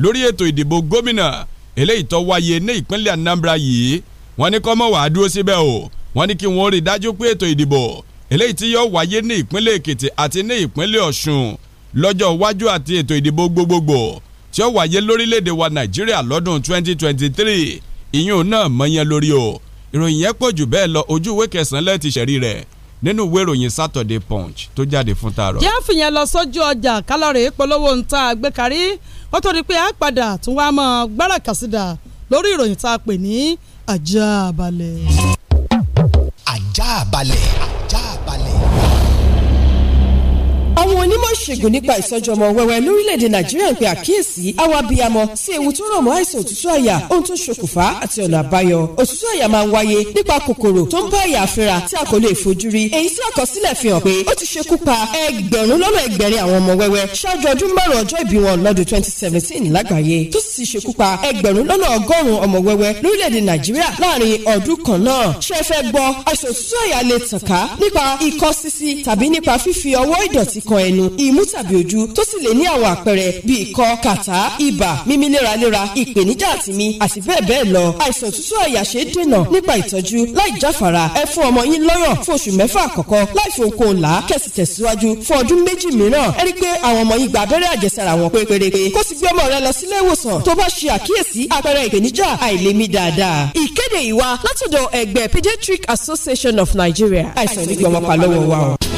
lórí ètò ìdìbò gómìnà eléyìí tó wáyé ní ìpínlẹ̀ anambra yìí wọ́n ní kó má wàá dúró síbẹ̀ o wọ́n ní kí wọ́n rí dájú pé ètò ìdìbò eléyìí tí yóò wáyé ní ìpínlẹ̀ èkìtì àti ní ìpínlẹ̀ ọ̀ṣun lọ́jọ́ iwájú àti ètò ìdìbò gbogbogbò tí ó wáyé lórílẹ̀‐èdè wa nàìjíríà lọ́dún 2023 ìyún náà mọ̀yán lórí o ìròyìn yẹn pọ̀ jù bẹ́ẹ̀ lọ ojú ìwé kẹsàn-án lẹ́ẹ̀tì ṣẹ̀rí rẹ̀ nínú ìwé ìròyìn Saturday Punch tó jáde fún taarọ̀. jẹ́ àfihàn lọ sójú ọjà kálọ̀rì polówó ń ta àgbékarí ó tó di pé a padà tún wá mọ́ gbára kàsídà lórí ìròyìn tá a pè ní ajá balẹ̀. ajá balẹ̀ ajá balẹ̀ àwọn onímọ̀ ìṣègùn nípa ìsọjọmọ wẹ́wẹ́ lórílẹ̀‐èdè nàìjíríà ń pe àkíyèsí àwọn abiyamọ sí ewu tó rọ̀ mọ́ àìsàn òtútù àyà ohun tó ṣokùnfà àti ọ̀nà àbáyọ òtútù àyà máa ń wáyé nípa kòkòrò tó ń bá àyà fínra tí a kò lè fojú rí èyí tí àkọsílẹ̀ fi hàn pé ó ti ṣekú pa ẹgbẹ̀rún lọ́nà ẹgbẹ̀rin àwọn ọmọ wẹ́wẹ́ ṣáájú ọdún márùn ọjọ́ ìbí wọn lọ́dún twenty seventeen lágbàáyé pa ẹgbẹ̀rún lọ́nà ọgọ́rùn-ún ọmọ wẹ́wẹ́ lórílẹ̀‐èdè nàìjíríà láàrin ọdún kan náà ṣe fẹ́ gbọ́ àìsàn òtútù àyà lè tàn ká nípa ikọ́ sísí tàbí nípa fífi kíkan ẹnu ìmú tàbí ojú tó sì lè ní àwọn àpẹẹrẹ bíi ikọ́ kàtá ibà mímí léraléra ìpèníjà àtìmí àti bẹ́ẹ̀ bẹ́ẹ̀ lọ àìsàn òtútù àyà ṣe é dènà nípa ìtọ́jú láì jáfara ẹ fún ọmọ yín lọ́yàn fún oṣù mẹ́fà àkọ́kọ́ láì fi ohunkóhun là á kẹ̀sì tẹ̀síwájú fún ọdún méjì mìíràn ẹ rí i pé àwọn ọmọ yín gba abẹ́rẹ́ àjẹsára wọn pé pérépé kó sì gbé ọmọ rẹ lọ Pediatric Association of Nigeria àìsàn nígbà wọn pa lọ́wọ́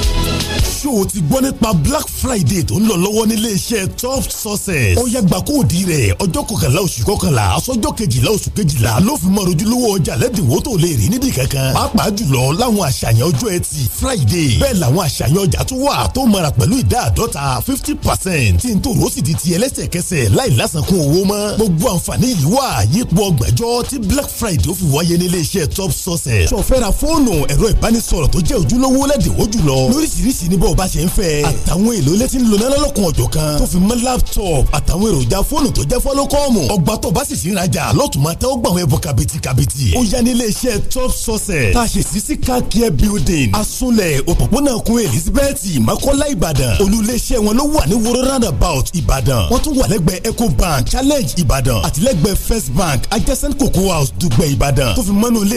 ṣòwò ti gbọ́ nípa black friday tó ń lọ lọ́wọ́ nílé iṣẹ́ top success. ó yàgbà kó di rẹ̀ ọjọ́ kọkànlá oṣù kọkànlá aṣọ́jọ́ kejìlá oṣù kejìlá ló fi mọ ojúlówó ọjà lẹ́dínwó tó lè rí nídìí kankan. pàápàá jùlọ láwọn àṣàyàn ọjọ́ ẹtì friday bẹ́ẹ̀ làwọn àṣàyàn ọjà tó wà tó mara pẹ̀lú ìdá àdọ́ta fifty percent tí n tó rò sì di ti ẹlẹ́sẹ̀kẹsẹ̀ láì lásàkún owó mọ́. gbogbo àǹfààní yìí wà yípo ọgbàjọ́ tí black friday ó fi wáyé nílé iṣẹ́ top success. sọfẹ́ra fóònù ẹ̀rọ ìbánisọ̀rọ̀ tó jẹ́ ojúlówó lẹ́dínwó jùlọ lóríṣiríṣi níbọ̀ báyọ̀ bá ṣe ń fẹ́. àtàwọn èlò ilé tí ń lona lọ́lọ́kun ọ̀jọ̀ kan tó fi mọ́ laptop àtàwọn èròjà fóònù tó jẹ́ fọ́lọ́kọ́ọ̀mù. ọgbà tó bá sì sí ìrajà lọ́tùmọ̀ tẹ́ ó gbà wọn ẹ̀bùn kàbìtì kàbìtì. ó yá ní iléeṣẹ́ top sources tá a ṣe sí sí car building asunlẹ̀ òpópónà kun elizabeth makola ìbàdàn olú iléeṣẹ́ wọn ló wà ní woro roundabout ìbàdàn wọ́n tún wà lẹ́gbẹ̀ẹ́ ecobank challenge ìbàdàn àtìlẹ́gbẹ̀ẹ́ first bank adjacent cocoa house dùgbẹ̀ ìbàdàn tó fi mọ́nú ilé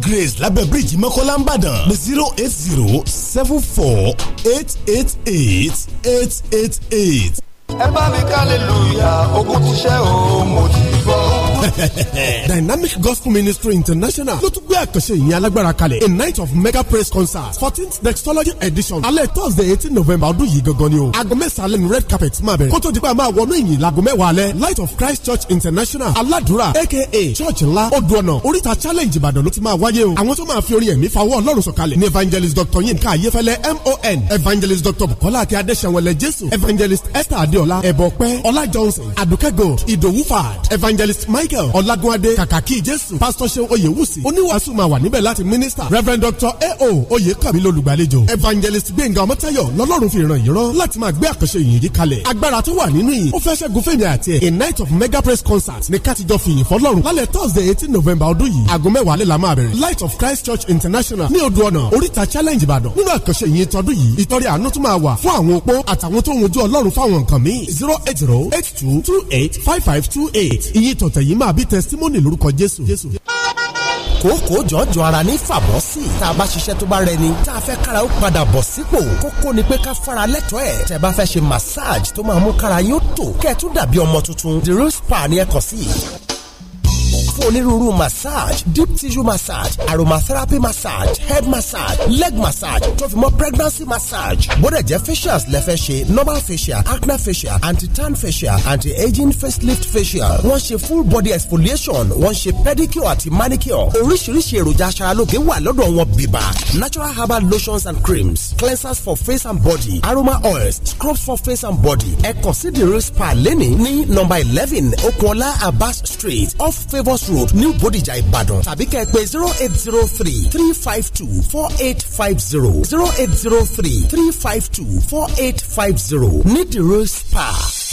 grace lábẹ́ bíríìjì mọ́kọ́lá ń zero eight zero seven four eight eight eight eight eight eight. ẹ bá mi ká lè lùyà ogun ti o mo ti bọ́. Dynamic Gospel Ministry International ló tún gbé àkànṣe ìyẹn alágbára kalẹ̀ a night of mega praise concert fourteenth dextology edition alẹ́ thursday eighteen november ọdún yìí gangan ni o aago mẹ́sàn-án lẹ́nu red carpet máa bẹ̀rẹ̀ kótó dípẹ́ máa wọnú ìyìn laago mẹ́wàá alẹ́ light of christ church international aládùúrà aka church ńlá odò ọ̀nà oríta challenge ìbàdàn ló ti máa wáyé o àwọn tó máa fi orin ẹ̀mí fawọ́ ọlọ́run sọ̀kalẹ̀ ni evangelist dr yinka ayefẹlẹ mon evangelist dr bukola akẹ́ adéṣẹ́wọlẹ̀ jésù evangelist esther adéọlá ẹ̀bọ̀pẹ́ ọlá johnson adùkẹ́ gold evangelist mike michael ọlágúnadé kàkàkí jésù pásítọ̀ ṣeun oyèwùsì oníwàásù máa wà níbẹ̀ láti mínísítà reverend dr ao oyèkàmí lolùgbàlejò evangelist gbẹ̀ngà ọmọ́táyọ̀ lọ́lọ́run fi ràn yín rán láti máa gbé àkànṣe ìyìn yìí kalẹ̀ agbára tó wà nínú yìí ó fẹ́ ṣẹ́gun fèmí àti ẹ̀ a night of mega praise concert ní kátijọ́ fìyìn fọlọ́run lálẹ́ thursday eighteen november ọdún yìí aago mẹ́wàá lè la máa bẹ̀rẹ̀ light of christ church international ní odò ọ̀nà oríta challenge ìbàdàn nínú àkànṣe ìyìn tọdún yìí ìtọ́rí àánú tún máa wà fún àwọn opó àtàwọn tó ń wojú ọlọ́run fáwọn nǹkan míì zero eight zero eight two two eight five five two eight ìyìn tọ̀tẹ̀ yìí wòlímọ̀ àbí tẹsítímọ́nì lórúkọ Jésù. kókó jọjọ ara ní fàbọ̀ sí i tá a bá ṣiṣẹ́ tó bá rẹ ni tá a fẹ́ kára ó padà bọ̀ sípò kókó ni pé ká fara lẹ́tọ̀ọ́ ẹ̀ tẹ́ bá fẹ́ ṣe massage tó máa mú kára yóò tò kẹ́ẹ̀ dàbí ọmọ tuntun the real spa ni ẹ kàn sí i fún onírúurú massage deep tissue massage aromatherapy massage head massage leg massage tó fi pregnancy massage bódẹ̀ jẹ́ facials lẹ́fẹ́ ṣe normal facial acne facial anti-tan facial anti-aging facelift facial wọ́n ṣe full body exfoliation wọ́n ṣe pedicure àti manicure oríṣiríṣi èròjà aṣaralóge wà lọ́dọ̀ wọn bíbá natural herbal lotions and creams cleansers for face and body aroma oils scrubs for face and body ẹ kàn sí the real spa lẹ́nìí ní nọ́mbà eleven okunola abas street off favour Lagos Road New Bodija Ìbàdàn tàbí kẹ́ pé zero eight zero three three five two four eight five zero zero eight zero three three five two four eight five zero Need rose spa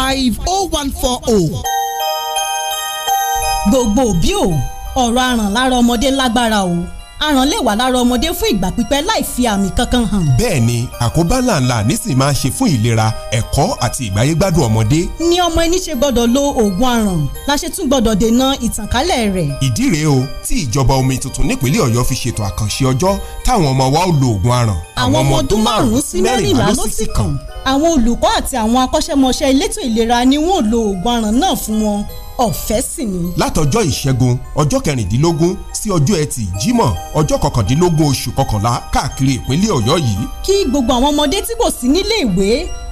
five oh one four oh. gbogbo òbí o ọ̀rọ̀ aràn lára ọmọdé lágbára o aràn lè wà lára ọmọdé fún ìgbà pípẹ́ láì fi àmì kankan hàn. bẹ́ẹ̀ni àkóbá làǹlà nísìnyí máa ṣe fún ìlera ẹ̀kọ́ àti ìgbáyégbádùn ọmọdé. ni ọmọ ẹni ṣe gbọ́dọ̀ lo oògùn aràn la ṣe tún gbọ́dọ̀ dènà ìtànkálẹ̀ rẹ̀. ìdí rèé o tí ìjọba omi tuntun nípínlẹ̀ Ọ̀yọ́ fi ṣètò àkànṣe ọjọ́ táwọn ọmọ wa ó lo oògùn aràn. àwọn ọmọ ọdún márùn-ún sí mẹ́rìnlá ló sì kàn àwọn olùkọ́ àti àwọn akọ́ṣẹ́mọṣẹ́ elétò ìlera ni wọ́n lo oògùn aràn náà fún ọ̀fẹ́ sì ni. látọjọ́ ìṣẹ́gun ọjọ́ kẹrìndínlógún sí ọjọ́ ẹtì jímọ̀ ọjọ́ kọkàndínlógún oṣù kọkànlá káàkiri ìpínlẹ̀ ọ̀yọ́ yìí. kí gbogbo àwọn ọmọdé tí kò sí nílé ìwé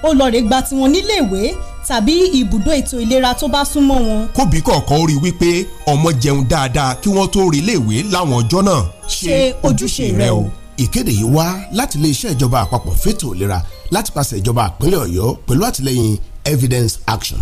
ó lọ rè gba tiwọn nílé ìwé tàbí ibùdó ètò ìlera tó bá súnmọ́ wọn. kóbìí kọ̀ọ̀kan ó rí i wípé ọmọ jẹun dáadáa kí wọ́n tó rí ilé ìwé láwọn ọjọ́ náà. ṣe ojúṣe rẹ o. ìkéde yìí wá láti iléeṣẹ́ ìjọba àpapọ̀ fétò ìlera láti pàṣẹ ìjọba ìpínlẹ̀ ọ̀yọ́ pẹ̀lú àtìlẹ́yìn evidence action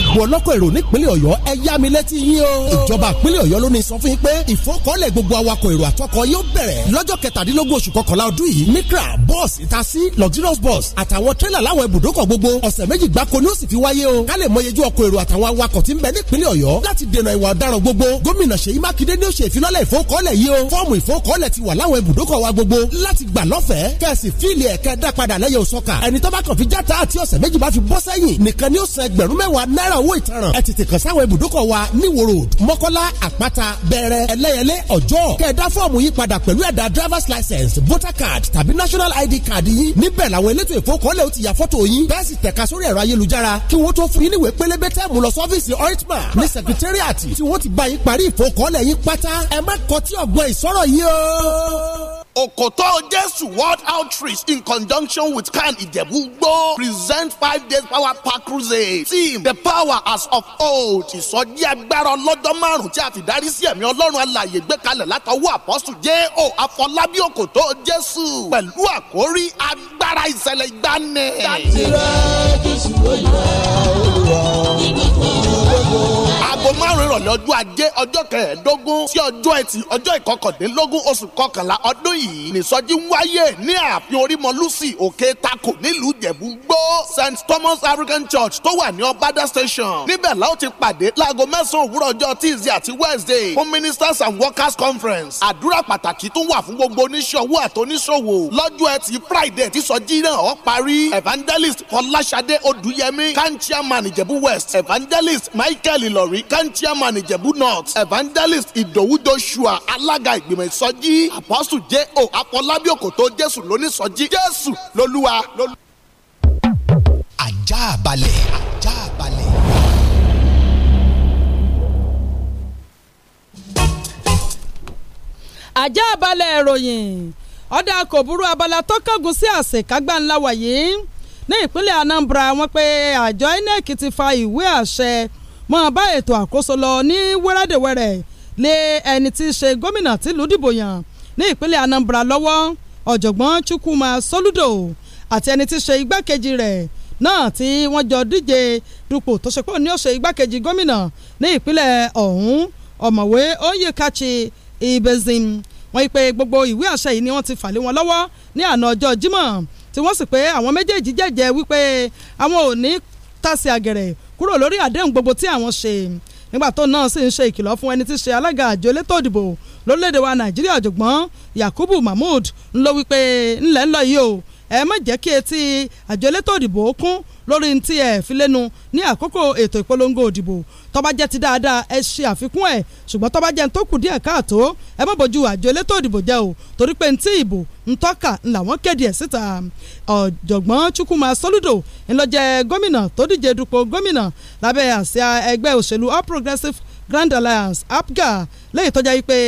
gbogbo ọlọ́kọ̀ èrò nípínlẹ̀ ọ̀yọ́ ẹ yá mi létí yín o. ìjọba ìpínlẹ̀ ọ̀yọ́ ló ní sọ fún yín pé ìfọkànlẹ̀ gbogbo awakọ̀ èrò àtọkọ̀ yóò bẹ̀rẹ̀ lọ́jọ́ kẹtàdínlógún oṣù kọkànlá ọdún yìí micra bus itasi luxurious bus àtàwọn tírélà láwọn ibùdókọ̀ gbogbo ọ̀sẹ̀ méjì gbáko ni ó sì fi wáyé o ká lè mọ iyejú ọkọ̀ èrò àtàwọn awakọ̀ tí ń bẹ nípínlẹ̀ ọ̀yọ́ láti dènà ìwà ọ̀daràn gbogbo gómìnà ṣèyí mákindé ni ó ṣe ìfilọ́lẹ̀ ìfowókọ́lẹ̀ yìí o fọ́ọ̀mù ìfowókọ́lẹ̀ ti wà láwọn ibùdókọ̀ wa gbogbo láti gbà lọ́fẹ̀ẹ́ kẹ́sì fíìlì ẹ̀kẹ́ náírà owó ìtanràn ẹ tètè kàn sáwọn ibùdókọ̀ wa ní Ìwó Road Mọ́kọ́lá Àpáta Bẹ̀rẹ̀ Ẹlẹ́yẹlé Ọ̀jọ́ kẹ̀ẹ́dá fọ́ọ̀mù yìí padà pẹ̀lú ẹ̀dà driver's license voter card tàbí national id card yín níbẹ̀ làwọn elétò ìfowópamọ́lẹ̀ ó ti yà fọ́tò yín bẹ́ẹ̀ sì tẹ̀ka sórí ẹ̀rọ ayélujára kí wọ́n tó fún yín níwèé pélébé tẹ́ẹ̀mù lọ sọ́fíìsì oritma ní secretariat tí wọ́n ti bá yín parí ìfowópamọ́lẹ̀ yín pátá ẹ má kọtí ọ̀gbọ́n ìsọ̀rọ̀ yìí o. Okoto Jesu World Outreach in conjunction with Kan Ijebugbo present five days power pack crusade. Team the power as of old. Ìsọjí agbára ọlọ́jọ́ márùn-ún tí a fi darí sí ẹ̀mí Ọlọ́run alàyè gbé kalẹ̀ látọwọ́ àpọ́sù J.O. Afọlábí Okoto Jesu pẹ̀lú àkórí agbára ìṣẹ̀lẹ̀ ìgbani. Láti rẹ́ Jésù lóye olùwà aago márùn-ún ìrọ̀lẹ́ ọjọ́ ajé ọjọ́ kẹẹ̀ẹ́dógún sí ọjọ́ ẹtì ọjọ́ ìkọkàndínlógún oṣù kọkànlá ọdún yìí nìsọjí wáyé ní ààfin orímọlúsì òkè tako nílùú jẹ̀bú gbó st thomas african church tó wà ní ọbádà station níbẹ̀ la ó ti pàdé láago mẹ́sàn-án òwúrọ̀ ọjọ́ tuesday àti wednesday fún ministers and workers conference àdúrà pàtàkì tún wà fún gbogbo oníṣòwò àtòníṣòwò lọ́jọ́ ẹtì friday tí sọjí náà ó parí evangelist fọláṣadé odúyẹmí kan chairman ìjẹ̀bú west evangelist michael ìlọ̀rí k Anglican chairman Ìjẹ̀bú North evangelist Ìdòwú Joshua alága ìgbìmọ̀ ìsọjí apostle J.O. Afọlábí Òkòtó Jésù lónìsọjí Jésù lolúwa. ajá balẹ̀ ajá balẹ̀. ìròyìn ọ̀dà kò burú abala tó kángun sí àṣekágbá ńlá wàyí ní ìpínlẹ̀ Anambra wọ́n pé àjọ INEC ti fa ìwé àṣẹ máa bá ètò àkóso lọ ní wẹ́rẹ́dẹ̀wẹ́rẹ́ lé ẹni tí í ṣe gómìnà tìlú dìbò yàn ní ìpínlẹ̀ Anambra lọ́wọ́ ọ̀jọ̀gbọ́n Chukwuma Soludo àti ẹni tí í ṣe igbákejì rẹ̀ náà tí wọ́n jọ díje dupò tó ṣe pé òní ó ṣe igbákejì gómìnà ní ìpínlẹ̀ ọ̀hún ọ̀mọ̀wé Oyèkachi Ibezim wọ́n yí pé gbogbo ìwé àṣẹ yìí ni wọ́n ti fà lé wọn lọ́wọ́ ní àná ọjọ́ Jímọ̀ tí wọ́n sì pé àwọn méjèèjì jẹ́jẹ́ wípé àwọn ò ní tàsí àgẹ̀rẹ̀ kúrò lórí àdéhùn gbogbo tí àwọn ṣe nígbà tó náà sì ń ṣe ìkìlọ̀ fún ẹni tí ṣe alága àjọ elétò òdìbò lórílẹ̀‐èdè wa Nàìjíríà ọ̀jọ̀gbọ́n Yakubu Mahmood ńlọ wípé ńlẹ̀ ńlọ yìí o ẹ má jẹ́ kí etí àjọ elétò òdìbò kún lórí ntí ẹ̀ fi lẹ́nu ní àkókò ètò ìpolongo òdìbò tó bá jẹ́ ti dáadáa ẹ ṣe àfikún ẹ̀ ṣùgbọ́n tó bá jẹ́ tó kù díẹ̀ káàtó ẹ má bójú àjọ elétò òdìbò jẹ́ o torí pé ntí ìbò ntọ́ka làwọn kéde ẹ̀ síta ọ̀jọ̀gbọ́n Chukwuma Soludo ńlọ gómìnà tó díje dupò gómìnà lábẹ́ àsíá ẹgbẹ́ òṣèlú All Progressives Grand Alliance APGA lẹ́yìn tọ́já yìí pé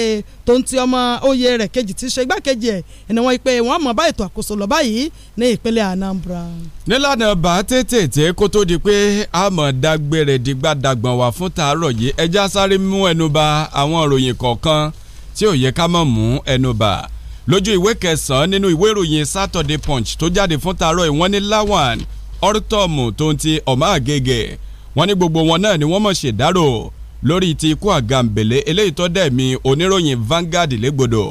tó ń ti ọmọ oyè rẹ̀ kejì tí í ṣe igbákejì ẹ̀ ẹni wọ́n yìí pé wọ́n mọ̀ bá ètò àkóso lọ báyìí ní ìpínlẹ̀ Anambra. nílànà bá tètè tí kó tó di pé a mọ̀ dágbére dìgbà dàgbọ̀n wá fún tàárọ̀ yìí ẹja sáré mú ẹnu ba àwọn ìròyìn kọ̀ọ̀kan tí ò yẹ ká mọ̀ mú ẹnu bà lójú ìwé kẹsàn-án nínú ìwé ìròyìn Saturday Punch tó jáde fún tàárọ̀ ìwọ́n ní Lawan Ortom tó ń ti ọ̀má àgègè wọ́n ní gbogbo wọn náà ni wọ́n mọ̀ ṣèdárò lórí ti ikú àgàǹbẹ̀lẹ̀ eléyìí tó dẹ̀mí oníròyìn Vanguard légbodò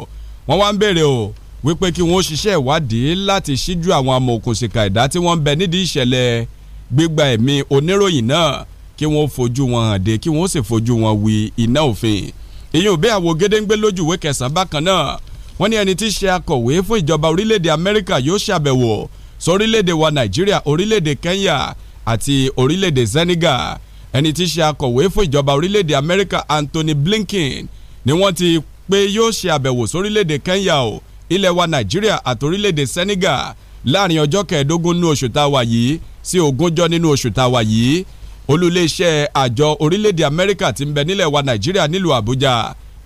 wọ́n wá ń béèrè o wípé kí wọ́n ṣiṣẹ́ ìwádìí láti ṣíjú àwọn amòòkùnṣìkà ẹ̀dá tí wọ́n ń bẹ nídìí ìṣẹ̀lẹ̀ gbígba ẹ̀mí oníròyìn náà kí wọ́n fojú wọn hàn dé kí wọ́n sì fojú wọn wí iná òfin ìyẹn ò bẹ́ àwo gédéńgbé lójú ìwé kẹsàn-án bákan náà wọ́n ní ẹni tí ṣe akọ̀wé fún ìjọba orílẹ̀-èdè Amẹ́ríkà yóò ṣàbẹ̀wò sórílẹ̀-èdè wa Nàìjíríà orílẹ̀-èdè Kenya àti orílẹ̀-èdè Senegal ẹni tí í ṣe akọ̀wé fún ìjọba orílẹ̀-èdè Amẹ́ríkà Anthony Blinken ni wọ́n ti pé yóò ṣe àbẹ̀wò sórílẹ̀-èdè Kenya o ilẹ̀ wa Nàìjíríà àti orílẹ̀-èdè Senegal láàrin ọjọ́ kẹẹ̀ẹ́dógún nínú oṣù tá a wà yìí sí ogúnjọ́ nínú oṣù tá a wà yìí olúléeṣẹ́ àjọ orílẹ̀-èdè Amẹ́ríkà ti ń bẹ nílẹ̀ wa Nàìjíríà nílùú Àbújá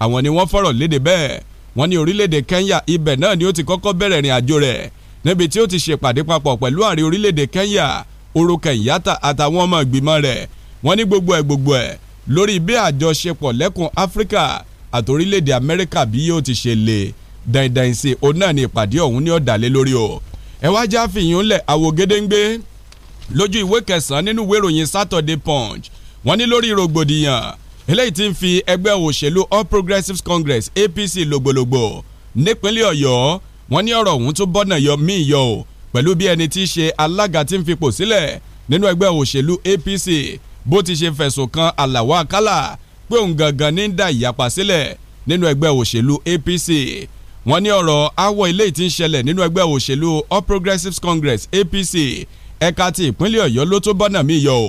àwọn ni wọ́n fọ̀rọ̀ léde bẹ́ẹ̀ wọ́n ní orílẹ̀-èdè Kenya ibẹ̀ náà ni ó ti kọ́kọ́ bẹ̀rẹ̀ ìrìn àjò rẹ̀ níbi tí ó ti ṣèpàdé papọ̀ pẹ̀lú ààrẹ orílẹ̀-èdè Kenya Uhuru Kenyatta àtàwọn ọmọ ìgbìmọ̀ rẹ̀ wọ́n ní gbogbo ẹ̀ gbogbo ẹ̀ lórí bí àjọṣepọ̀ lẹ́kùn áfíríkà àtòrílẹ̀-èdè amẹ́ríkà bí yóò ti ṣe lè dandan sí òun náà ní ìpàdé ọ̀hún ní ọ̀dàlẹ́ lórí o ẹ wá já fìyún lẹ̀ àwògedengbe lójú ìwé kẹsàn-án nínú ìwé ìròyìn Saturday Punch wọ́n ní lórí rògbòdìyàn eléyìí ti ń fi ẹgbẹ́ òṣèlú All Progressives Congress APC lògbòlògbò nípínlẹ̀ Ọ̀yọ́ wọ́n ní ọ̀rọ̀ ọ̀hún tún bọ́nà yọ míì yọ o pẹ̀lú bí ẹni tí í ṣe alága tí ń fipò sílẹ̀ nínú ẹgbẹ́ òṣèlú APC bó ti ṣe fẹ̀sùn kan Àlàó Àkàlà pé òun gangan ní dá ìyapa sílẹ̀ nínú ẹgbẹ́ òṣèlú APC wọ́n ní ọ̀rọ̀ awọ ilé tí ń ṣẹlẹ̀ nínú ẹgbẹ́ òṣèlú All Progressives Congress APC ẹ̀ka ti ìpínlẹ̀ Ọ̀yọ́ ló tó bọ́nà mí yọ o